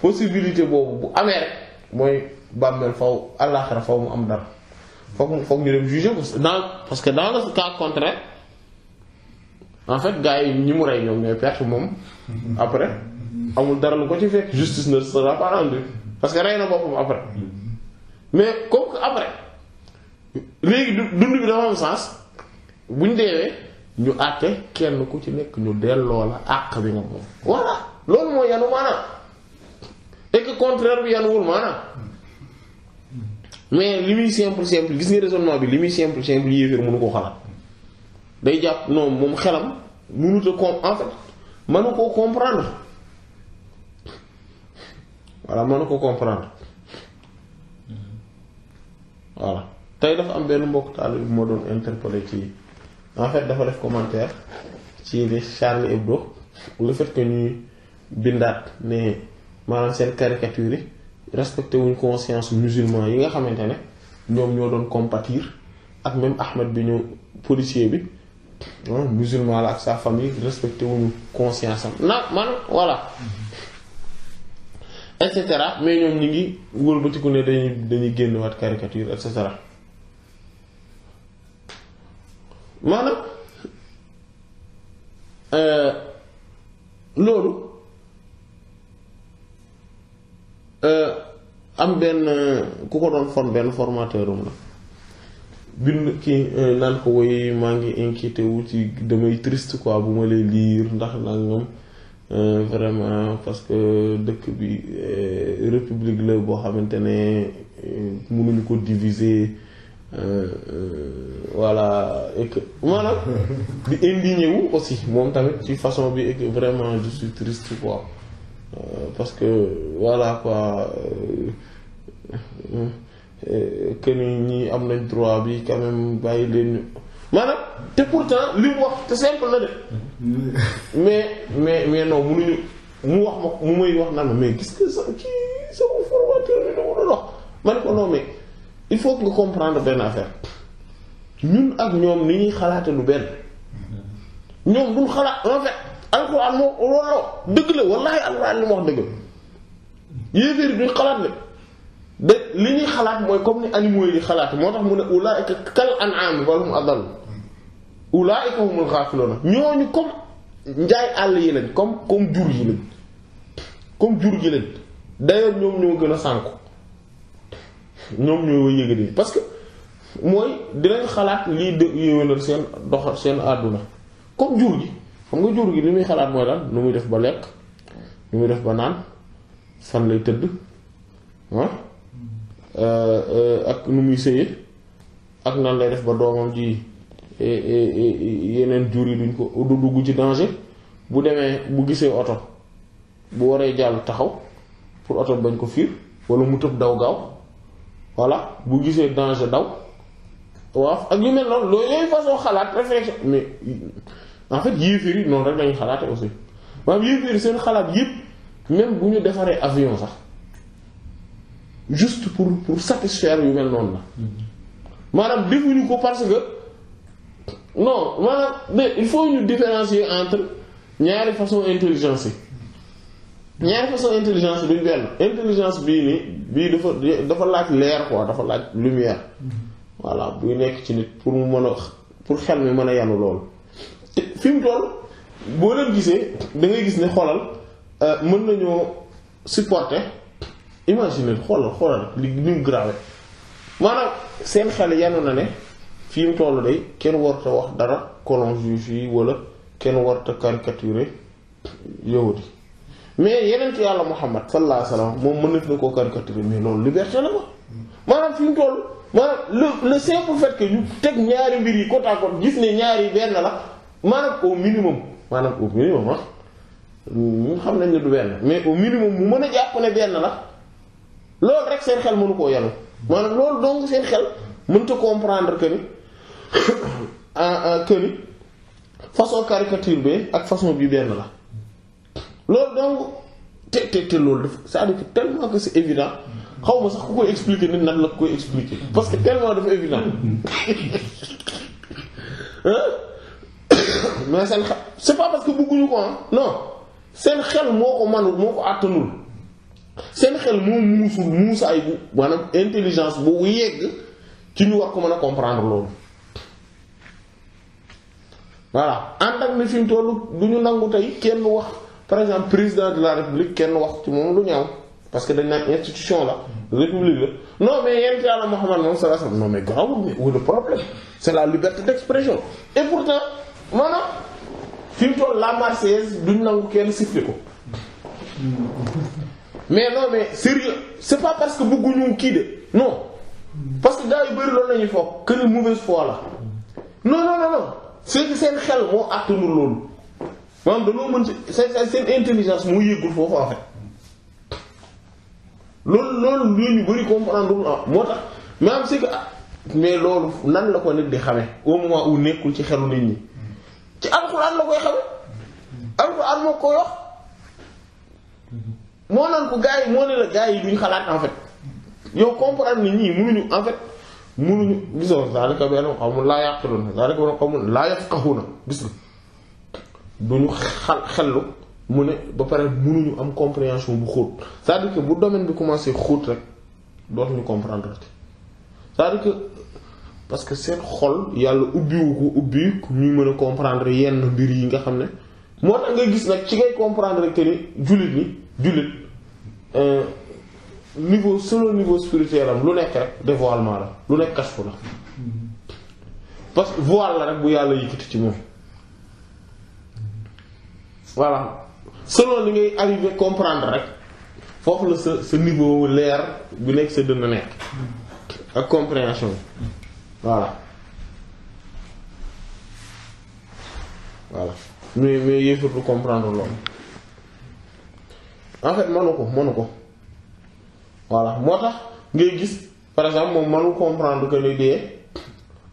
A: possibilité boobu bu amee rek mooy bàmmeel faw àllaaxira faw mu am dara foog foog ñu dem juger ko dans parce que dans le cas contraire en fait gars yi ñi mu rey ñoom ñooy perte après amul dara lu ko ci justice ne sera pas rendue parce que rey na boppam après mais comme après léegi dund bi dafa am sens buñ deewee ñu àtte kenn ku ci nekk ñu delloo la àq bi nga moom voilà loolu mooy yanu et que contraire bi yanuwul mais li muy simple simple gis nga raisonnement bi simple day japp non moom xelam mënut a en fait nous koo comprendre voilà mënu ko comprendre voilà tay dafa am benn mbok talib mo moo doon ci en fait dafa def commentaire ci li Charlie Hebdo le fait que ñuy bindat ne maanaam seen caricature une respecté wuñ conscience musulmane. yi nga a ñom ñoo doon compatir ak même Ahmed bi policier bi. musulman la ak sa famille respecté wuñu conscience am na man voilà et cetera mais ñoom ñi ngi wëlbatiku ne dañuy dañuy génn waat caricature et cetera maanaam euh, loolu euh, am benn ku ko doon form benn formateur um la bind kii euh, naan ko woy maa ngi inquiété wu ci damay triste quoi bu ma lay lire ndax nangam euh, vraiment parce que dëkk bi euh, république la boo xamante ne mënuñu ko diviser voilà et maanaam di indigné aussi moom tamit ci façon bi et que vraiment je suis triste quoi parce que quoi. Euh, que ñi am nañ droit bi quand même bàyyi leen maanaam te pourtant li mu wax te simple la de mais mais mais non munuñu mu wax ma mu may wax naan ma mais gis nga sa kii sama formateur ma ne ko non il faut nga comprendre benn affaire ñun ak ñoom ni ñuy xalaate lu benn ñoom duñ xalaat en fait alxuraan dëgg la wallaahi alxuraan li mu wax dëgg la yéeféer duñ xalaat ne de li ñuy xalaat mooy comme ni animaux yi xalaat moo tax mu ne ulaa'ika kal an'aami bal hum adall ulaa'ika humul ghaafiluuna ñooñu comme njaay àll yi lañ comme comme jur yi jur gi lañ d'ailleurs ñoom ñoo gën a sànku ñoom ñoo yëg parce que mooy dinañ xalaat lii de yéwénal seen dox seen àdduna comme jur gi xam nga jur gi li muy xalaat mooy lan nu muy def ba lekk nu muy def ba naan fan lay tëdd ah? Euh, euh, ak nu muy sëyee ak nan lay def ba doomam ji e, e, e, yeneen jur yi duñ ko du dugg ci danger bu demee bu gisee oto bu waree jàll taxaw pour oto bañ ko fiir wala mu tëb daw gaaw voilà bu gisee danger daw waaw ak yu mel noonu loolu yooyu façon xalaat réflexion mais en noonu rek lañuy xalaate aussi maanaam yéeféer seen xalaat yépp même bu ñu defaree avion sax juste pour pour satisfaire yu mel la ko parce que non il faut une différencier entre ñaari façon intelligence façon intelligence duñ intelligence bi ni bi dafa dafa lumière voilà buy ce ci nit pour mu pour xel mi fi da euh, supporter imagine xoolal xoolal li ni mu maanaam seen xel yanu na ne fi mu toll day kenn warta wax dara colon juif yi wala kenn warta caricaturer yahudi mais yeneen yàlla Muhammad sallallahu alayhi wasallam moom mën nit na koo caricaturer mais loolu liberté la ko maanaam fi mu maanaam le le simple fait que ñu teg ñaari mbir yi côte à gis ne ñaari benn la maanaam au minimum maanaam au minimum ah ñu xam nañ ne du benn mais au minimum mu mën a jàpp ne benn la loolu rek seen xel mënu koo yanu maanaam loolu donc seen xel mënta comprendre que ni ah, ah, que ni façon caricature bi ak façon bi benn la loolu donc te te te loolu dafa c'est-à-dire que tellement que évident xaw ma sax ku koy expliquer nit nan la ku koy expliquer parce que tellement dafa évident mais seen xel c'est pas parce que bëgguñu ko ah non seen xel moo ko manul moo ko àttanul. c'est xel moo muusul muusaay bu intelligence bu yegg ci ñu wax ko mën comprendre loolu voilà ànd ak ni fi mu toll nangu tay kenn wax par exemple président de la république kenn wax ci mom lu ñaw parce que dañ na institution la république non mais yent yàlla Muhammad moom sallallahu alayhi wasallam non mais grave mais où le problème c'est la liberté d'expression et pourtant maanaam fi tolu la Marseillaise duñu nangu kenn siffler ko mais non mais sérieux c'est pas parce que bëgguñu kii de non parce que gars yu bari loolu lañuy foog que ni mauvaise foi la non non non non seen xel moo àttanul loolu maanaam dañoo mën seen moo loolu loolu ah, tax maanaam c'est que ah, mais loolu nan la ko nit di xamee au moment où nekkul ci xelu nit ñi ci alxuraan la koy xamee alxuraan moo koy wax. moo naan ko gars yi moo ne la gars yi duñ xalaat en yow comprendre ni ñii mënuñu en fait mënuñu gisoo zaalika bi annahum qawmun laa yaqiluun zaalika bi annahum qawmun laa yafqahuun gis mu ne ba pare mënuñu am compréhension bu xóot c'est-à-dire bu domaine bi commencé xóot rek dootuñu comprendre c'est-à-dire que parce que seen xol yàlla ubbiwu ko ubbi ñuy mën a comprendre yenn mbir yi nga xam ne moo tax nga gis nag ci ngay comprendre que ni jullit ni euh niveau solo niveau spirituel am lu nek rek dévoilement la lu nek kashfu la parce que voile la rek bu yalla yikiti ci moom voilà solo ni ngay arriver comprendre rek fofu le ce sa niveau leer bu nek ce dënn nekk ak compréhension voilà voilà mais mais yéefar du comprendre loolu en fait mënu ko mënu ko voilà moo tax ngay gis par exemple moom mënu comprendre que ni dee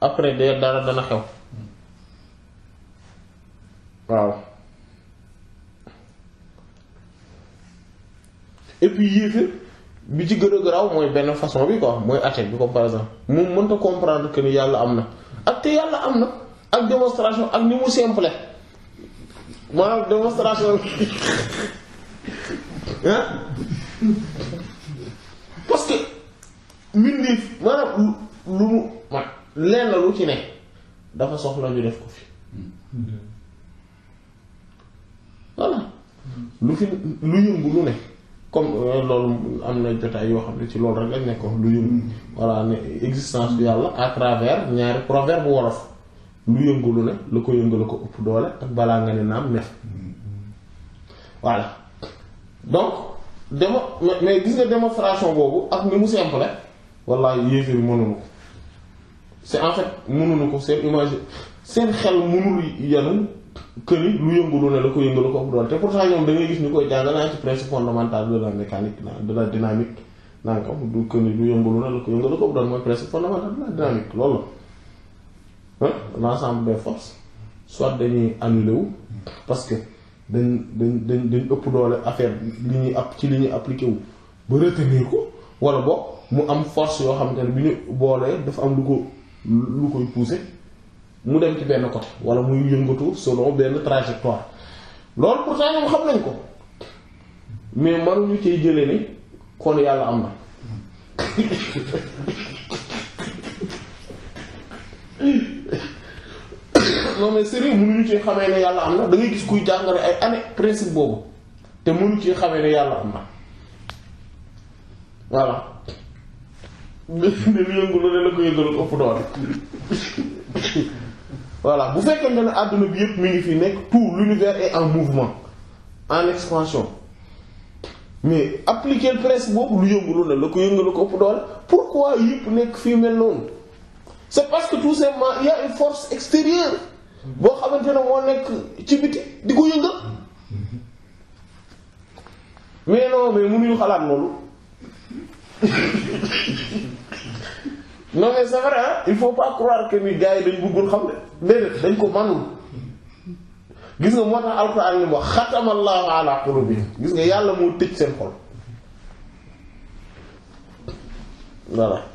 A: après dee dara dana xew waaw et puis bi ci gën a garaaw mooy benn façon bi quoi mooy athée bi ko par exemple moom mënta comprendre que ni yàlla am na ak te yàlla am na ak démonstration ak ni mu simple maanaam démonstration hein? parce que mbindeef maanaam lu mu ma lu ci ne dafa soxla ñu def ko fi voilà lu fi lu yëngu lu ne comme euh, loolu am na jotaay yoo xam ci loolu rek lañ nekkoon lu yëngu mm. voilà ne existence bi yàlla à travers ñaari proverbe wolof lu yëngu lu ne lu ko yëngu la ko upp doole ak bala nga ne nam neef mm. voilà donc démo mais gis nga démonstration boobu ak ni mu simple wallaahi yéefir mënuñu ko c'est en fait mënuñu ko seen image seen xel mënul yanu këri lu yëngu ne la ko yëngu la ko ëpp doon te pourtant ñoom da gis ñu koy jàngal naa ci principe fondamental de la mécanique de dynamique naa ko du këri lu yëngu ne la ko yëngu ko ëpp doon mooy principe fondamental de dynamique loolu la l'ensemble des forces soit dañuy annulé wu dañ dañ dañ dañ ëpp doole affaire li ñuy app ci li ñuy appliqué wu ba retenir ko wala boog mu am force yoo xamante ne bi ñu boolee dafa am lu ko lu koy poussé mu dem ci benn côté wala muy yëngatu selon benn trajectoire loolu pourtant ñoom xam nañ ko mais man ñu cay jëlee ni kon yàlla am na non mais sérieux mënuñu ci xamé né yalla amna da ngay gis kuy jangare ay année principe bobu té mënu ci xamé né yalla amna voilà dañu yëngu lu ne la ko yëngal ëpp doole voilà bu fekkente ne àdduna bi yëpp mi ngi fi nek tout l'univers est en mouvement en expansion mais appliquer le principe bobu lu yëngu lu ne la ko yëngal ko ëpp doole pourquoi yëpp nek fi mel non c'est parce que tout simplement il y a une force extérieure boo xamante ne moo nekk ci biti di ko yëngal mais non mais mënuñu xalaat loolu non mais c'est vrai il faut pas croire que ni gars dañ bëggul xam ne déedéet dañ ko manul gis nga moo tax alxuraan ni mu ma xatamallahu ala qulubi gis nga yàlla moo tëj seen xol voilà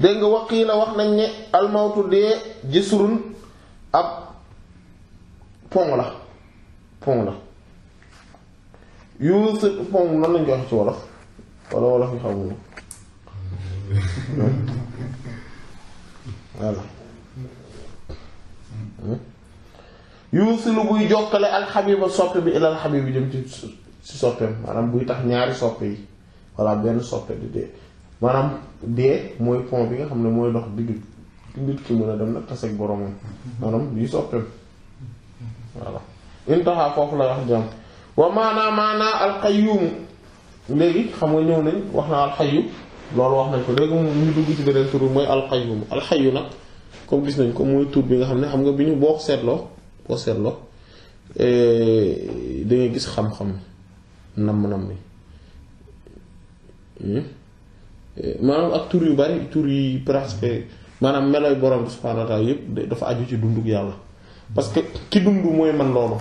A: dégg nga la wax nañ ne almawtu dee jisrun ab pont la pont la yuusi pont nan lañ koy wax ci wolof wala wolof yi xamul voilà yuusilu buy jokkale alxabiba soppe bi ilal xabib bi jëm ci ci soppeem maanaam buy tax ñaari soppe yi walla benn soppe di dee maanaam dee mooy pont bi nga xam ne mooy dox digg nit ki mën a dem nag taseeg boromam maanaam di soppeem voilà intaha foofu la wax jàmm wa maanaa maanaa alqayyum léegi xam nga ñëw nañ wax na alxayu loolu wax nañ ko léegi ñu dugg ci beneen tur mooy alqayyum alxayu nag comme gis nañ ko mooy tur bi nga xam ne xam nga bi ñu boo seetloo boo seetloo eh, da gis xam-xam nam nam ni Eh, maanaam ak tur yu bari tur yi presque maanaam meloy borom bi subhaanahu wa taala dafa aju ci dunduk yàlla parce que ki dund mooy man loolu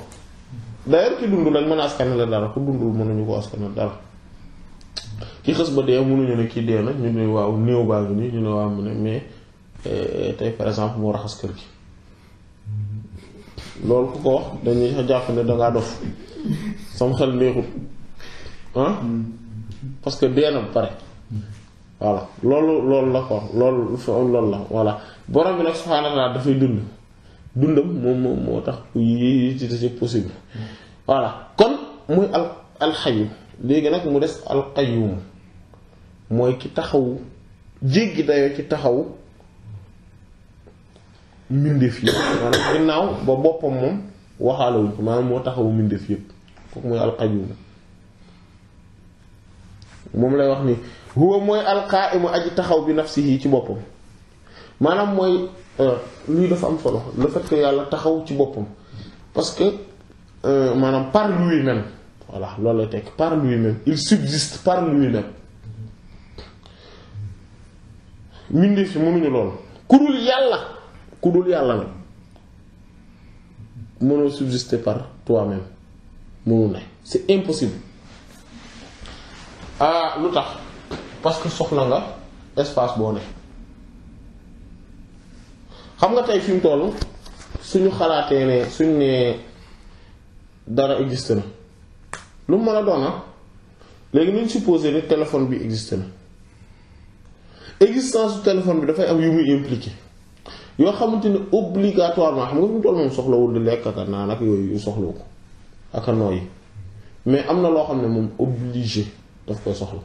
A: d'ailleurs ki dund lañ mën a askanale dara ku dundul mënuñu ko askanal dara ki xës ba dee mënuñu ne kii dee na ñu ne waaw néew baa ngi nii ñu ne waaw mu ne mais eh, tey par exemple moo raxas kër gi loolu ku ko wax dañuy jàpp ne dangaa dof sam xel neexut ah hmm. parce que dee ba pare voilà loolu loolu la ko loolu loolu la voilà borom bi nag subhaanahu dafay dund dundam moom moom moo tax yi ci des possible voilà kon muy al léegi nag mu des alqayyum mooy ki taxaw jéggi dayoo ci taxaw mbindeef yëpp maanaam ginnaaw ba boppam moom waxaalawuñ ko maanaam moo taxawu mbindeef yëpp kooku mooy alqayyum moom lay wax ni huwa mooy alqaa'imu aji taxaw bi nafsihi ci boppam maanaam mooy euh, lii dafa am solo le fait que yàlla taxaw ci boppam parce que euh, manam par lui-même voilà lolou tek par lui-même il subsiste par lui-même mindee fi munuñu lol ku dul yàlla yalla, dul yàlla subsister par toi-même mënu ne c'est impossible ah lu parce que soxla nga espace boo ne xam nga tey fi mu toll suñu xalaatee ne suñ ne dara existe na lu mu mën a doona léegi ñu supposé ne téléphone bi existe na existence téléphone bi dafay am yu muy impliqué yoo xamante ni obligatoirement xam nga fi mu toll moom soxlawul di lekk ak naan ak yooyu yu soxlawu ko ak a mais am na loo xam ne moom obligé daf koy soxla.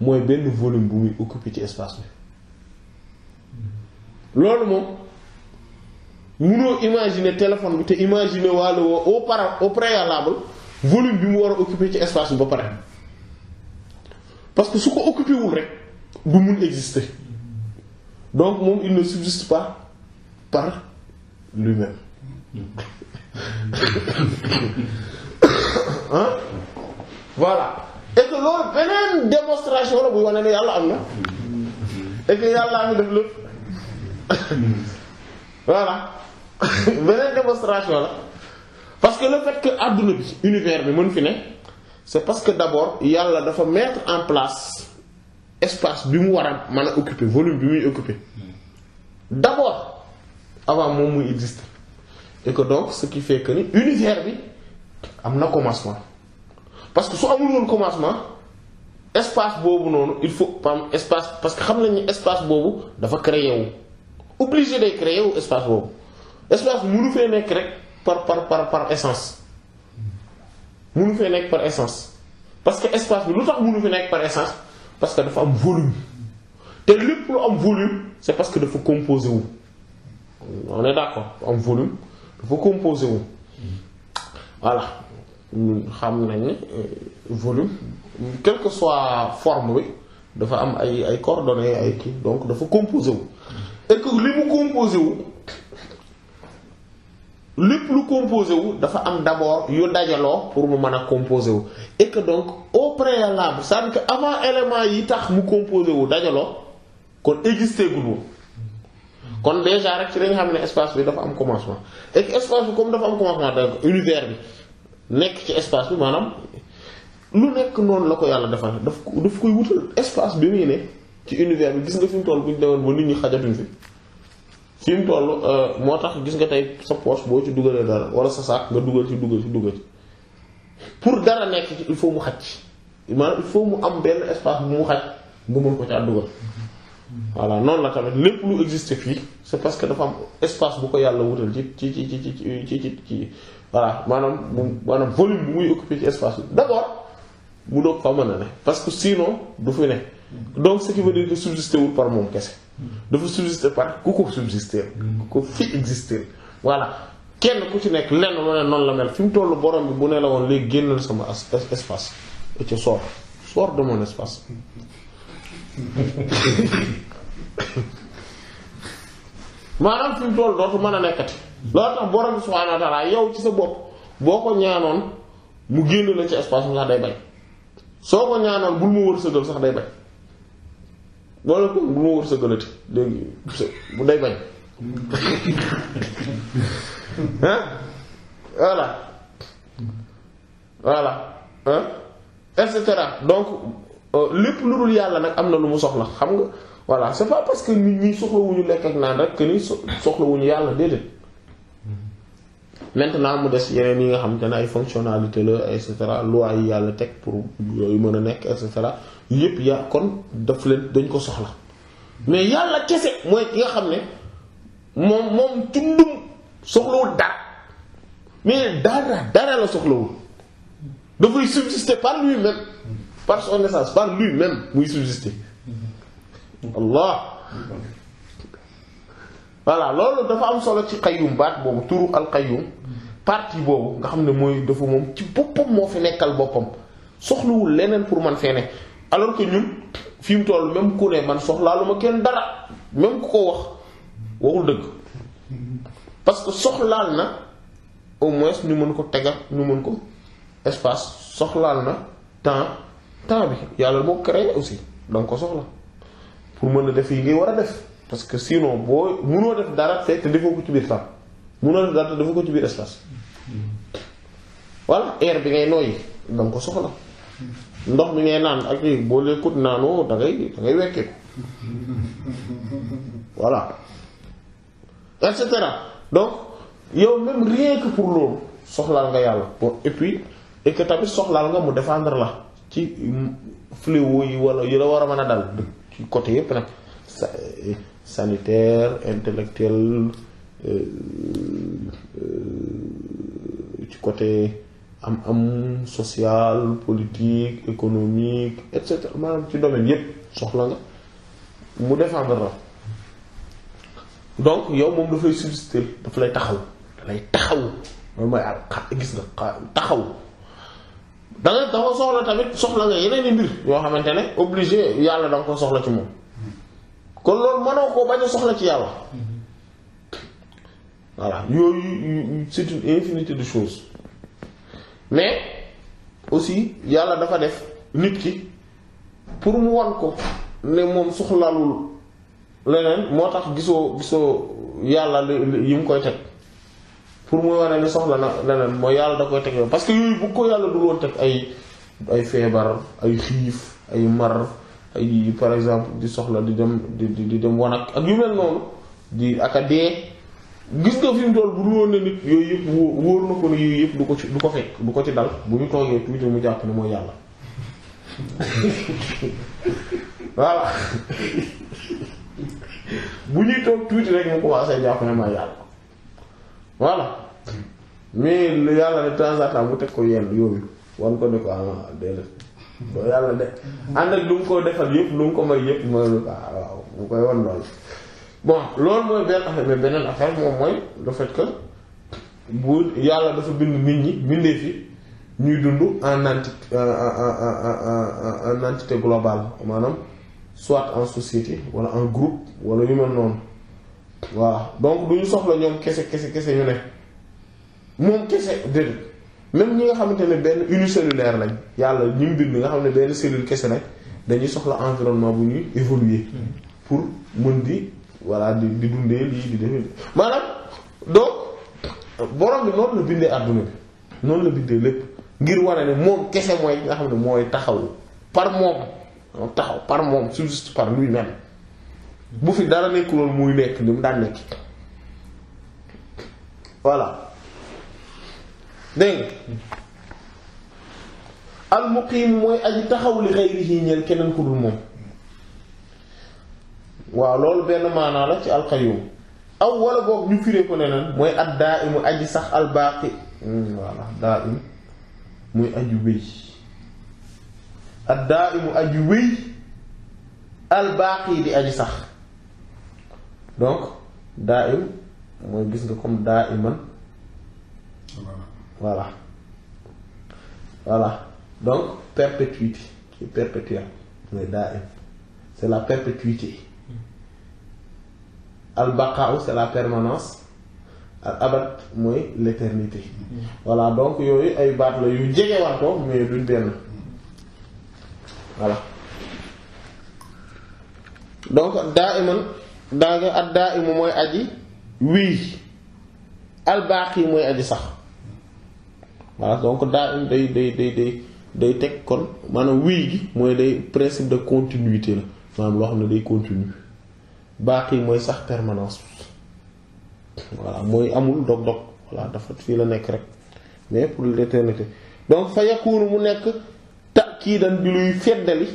A: mooy benn volume bu muy occuper ci espace bi loolu moom munoo imaginer téléphone bi te imaginer wàllu au para au préalable volume bi mu war a occuper ci espace ba parce que su ko occupé wul rek du mun exister donc il ne subsiste pas par lui-même hein? voilà et que loolu une démonstration vous buy il y yalla amna et que yalla mi def lépp voilà une démonstration la parce que le fait que l'univers bi univers bi mën fi c'est parce que d'abord yalla dafa mettre en place espace bi mu war man occuper volume bi muy occuper d'abord avant mon muy existe. et que donc ce qui fait que l'univers univers bi amna commencement parce que su amul woon commencement espace bobu non, il faut pam espace parce que xam nañ ni espace bobu dafa créé wu obligé day créé espace boobu espace bi mënu fee rek par par par par essence mënu fe nek par essence parce que espace bi lu tax mënu fe nek par essence parce que dafa am volume te lépp lu am volume c'est parce que dafa composé wu on est d'accord am volume dafa composé wu voilà xam nañ ni euh, volume quelle que soit forme bi dafa am ay ay coordonnées ay kii donc dafa composé wu et que li mu composé wu lépp lu composé wu dafa am d'abord yu dajaloo pour mu mën a composé wu et que donc au préalable c'est-à-dire que avant élément yi tax mu composé wu dajaloo kon existé gul woon kon déjà rek ci dañu xam ne espace bi dafa am commencement et que espace bi comme dafa am commencement da univers bi nekk ci espace bi maanaam lu nekk noonu la ko yàlla defal daf daf koy wutal espace bi muy ne ci univers bi gis nga fi mu toll bu ñu demoon ba nit ñi xajatuñ fi fi mu toll euh, moo tax gis nga tey sa poche boo ci dugalee dara wala sa saak nga dugal ci dugal ci dugal pour dara nekk ci il faut mu xaj maanaam il faut mu am benn espace bu mu xaj nga mën ko caa dugal voilà noonu la tamit lépp lu existe fii c'est parce que dafa am espace bu ko yàlla wutal ci ci ci ci ci ci ci voilà maanaam maanaam volume bu muy occuper ci espace d'abord mu do fa manane parce que sinon du fi donc ce qui veut dire que subsister par mon moom kese fa subsister par ku subsister ku fi exister voilà kenn ku ci nek lenn mu ne la mel fim mu toll borom bi bu ne la woon léegi génnal sama espace Et ca sort sort de mon espace maanaam fi mu toll dootu mën a loolu tax borom subhaanahu wa ta'aala yow ci sa bopp boo ko ñaanoon mu génn la ci espace bi sax day bañ soo ko ñaanoon bul mu wërsëgal sax day bañ wala léegi day bañ ah voilà voilà ah et cetera donc euh, lépp lu dul yàlla nag am na lu mu soxla xam nga voilà c'est pas parce que nit ñi soxlawuñu lekk ak naan rek que soxlawuñu yàlla déedéet. maintenant mu dess yeneen yi nga xam ne ay fonctionnalité la et cetera loi yi yàlla tek pour yooyu meuna nek et cetera yépp ya kon daf leen dañ ko soxla mais yalla kese moy ki nga xam ne mom moom tundum soxlawul dara mais dara dara la da fay subsister par lui-même par son essence par lui-même muy subsister Allah voilà loolu dafa am solo ci qayyum baat boobu turu alqayyum partie boobu nga xam ne mooy dafa moom ci boppam moo fi nekkal boppam soxlawul leneen pour man fee ne alors que ñun fi mu toll même ku ne man soxlaalu ma kenn dara même ku ko wax waxul dëgg parce que soxlaal na au moins ñu mën ko tegal ñu mën ko espace soxlaal na temps temps bi yàlla moo créé aussi danga ko soxla pour mën a def yi ngay war a def parce que sinon boo munoo def dara te defoo ko ci biir temps munoo ko ci biir espace air bi ngay nooyi da nga ko soxla ndox mi ngay naan ak yi boo lekkut naanoo da ngay da ngay wekkee ko voilà et cetera donc yow même rien pour loolu soxlaal nga yàlla bon et puis et soxlaal nga mu défendre la ci fléau yi wala yi la war a mën a dal ci yépp nag sanitaire intellectuel euh, euh, ci côté am-am social politique économique et cetera maanaam ci domaine yépp soxla nga mu défendre la donc yow moom dafay subsister daf lay taxaw da lay taxaw loolu mooy al gis nga taxaw da nga soxla tamit soxla nga yeneen i mbir yoo xamante ne obligé yàlla da nga soxla ci moom. kon loolu mënoo koo bañ a soxla ci yàlla voilà yooyu c'est une infinité de choses mais aussi yàlla dafa def nit ki pour mu wan ko ne moom soxlaalul leneen moo tax gisoo gisoo yàlla yi mu koy teg pour muy wane ne soxla na leneen mooy yàlla da koy teg parce que yooyu bu ko yàlla dul woon teg ay ay feebar ay xiif ay mar ay par exemple di soxla di dem di di dem wan ak ak yu mel noonu di ak dee gis nga fi mu bu dul nit yooyu yëpp wóor na ko ne yooyu yëpp du ko fekk du ko ci dal bu ñu toogee tuuti mu jàpp ne mooy yàlla voilà bu ñuy toog tuuti rek mu commencé jàpp ne mooy yàlla voilà mais yàlla de temps en teg ko yenn yooyu wan ko ne ko ah déedéet doo yàlla de ànd ak lu mu ko defal yëpp lu mu ko may yëpp mooy waaw mu koy wan loolu bon loolu mooy benn affaire mais beneen affaire moom mooy le fait que bu yàlla dafa bind nit ñi bindee fi ñuy dund en entité en entité globale maanaam soit en société wala en groupe wala yu mel noonu waaw donc du soxla ñoom kese kese kese ñu ne moom kese déedéet même ñi nga xamante ne benn unicellulaire lañ yàlla ñu mbir mi nga xam ne benn cellule kese nag dañuy soxla environnement bu ñuy évoluer pour mën di voilà di di dundee lii di defee maanaam donc borom bi noonu la bindee àdduna bi noonu la bindee lépp ngir wane ne moom kese mooy nga xam ne mooy taxaw par moom taxaw par moom subsiste par lui-même bu fi dara nekkuloon muy nekk li mu daan nekk voilà dégg nga mooy aji taxaw li xayrihi ñeel keneen ku moom waaw loolu benn maanaa la ci alqayum aw wala boog ñu firee ko neneen mooy ad daa imu aji sax albaaqi hmm, daa im muy aju wéy ad daa albaaqi di aji sax donc daa im mooy gis nga comme daa iman voilà voilà donc perpétuité qui est perpétuelle c'est la perpétuité al baqa'u c'est la permanence al abad moy l'éternité voilà donc yoy ay baat la yu jege war ko mais duñ ben voilà donc daiman daa nga ad daimu mooy aji wi al baqi moy aji sax voilà donc daa im day day day day teg kon maanaam wéy gi mooy day principe de continuité la maanaam loo xam ne day continue yi mooy sax permanence voilà mooy amul dog-dog voilà fii la nekk rek mais pour l'éternité donc fa mu nekk takiidan bi luy feddali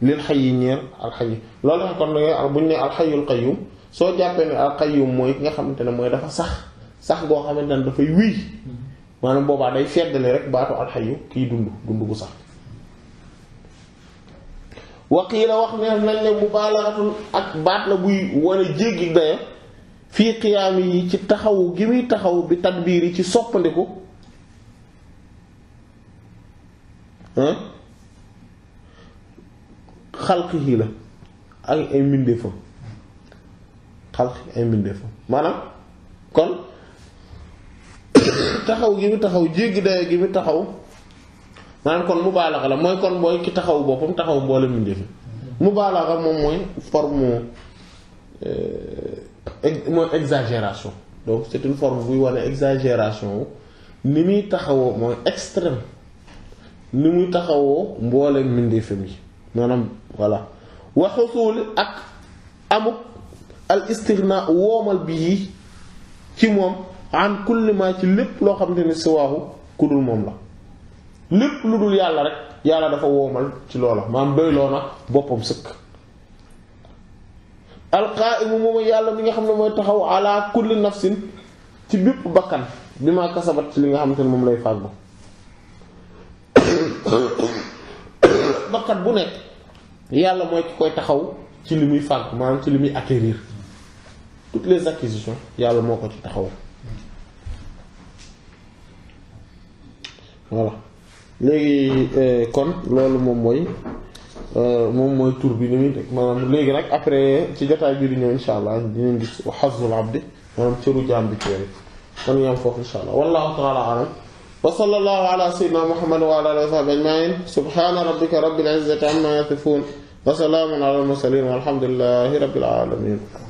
A: lil xayyi ñeer alxayyi loolu tax kon da ne alxayyul qayyum soo jàppee ne alqayyum mooy ki nga xamante ne mooy dafa sax sax goo xamante ne dafay wéy maanaam boobaa day feddale rek baatu alxayu kii dund dund bu sax waqiila wax ne nañ ne mubaalaxatul ak baat la buy wane jéggi dayo fii qiyaam yi ci taxawu gi muy taxaw bi tadbiir yi ci soppandiku xalqi yi la ak ay mbindeefam xalqi ay mbindeefam maanaam kon taxaw gi mu taxaw jéggi daye gi mu taxaw maanaam kon mubaalaxa la mooy kon mooy ki taxaw boppam taxaw mboolem mu ndefi mubaalaxa moom mooy forme euh, mooy exagération donc c'est une forme buy wane exagération ni muy taxawoo mooy extrême ni muy taxawoo mboole mbindeefam yi maanaam voilà waxusuuli ak amuk al istighnaa woomal bii ci moom an kulli ma ci lépp loo xam ne siwaahu ku dul moom la lépp lu dul yàlla rek yàlla dafa woomal ci loola maam doyloo na boppam sëkk alqaa'imu moom yàlla mi nga xam ne mooy taxaw ala kulli nafsin ci bépp bakkan bi ma kasabat ci li nga xamante ne moom lay fàggu bakkan bu nekk yàlla mooy koy taxaw ci li muy fàggu maanaam ci li muy acquérir toutes les acquisitions yàlla moo ko ci taxaw voilà légui euh kon lolu mom moy euh mom moy tour bi ni muy manam légui nak après ci jotaay bi di ñëw inshallah allah dinañ gis wa xasul abdi maanaam cëru jamm bi teere kon yam fofu inshallah wallahu taala alam wa sallallahu ala sayyidina muhammad wa ala alihi wa sahbihi ajma'in subhana rabbika rabbil izzati amma yasifun wa salamun ala al mursalin walhamdulillahi rabbil alamin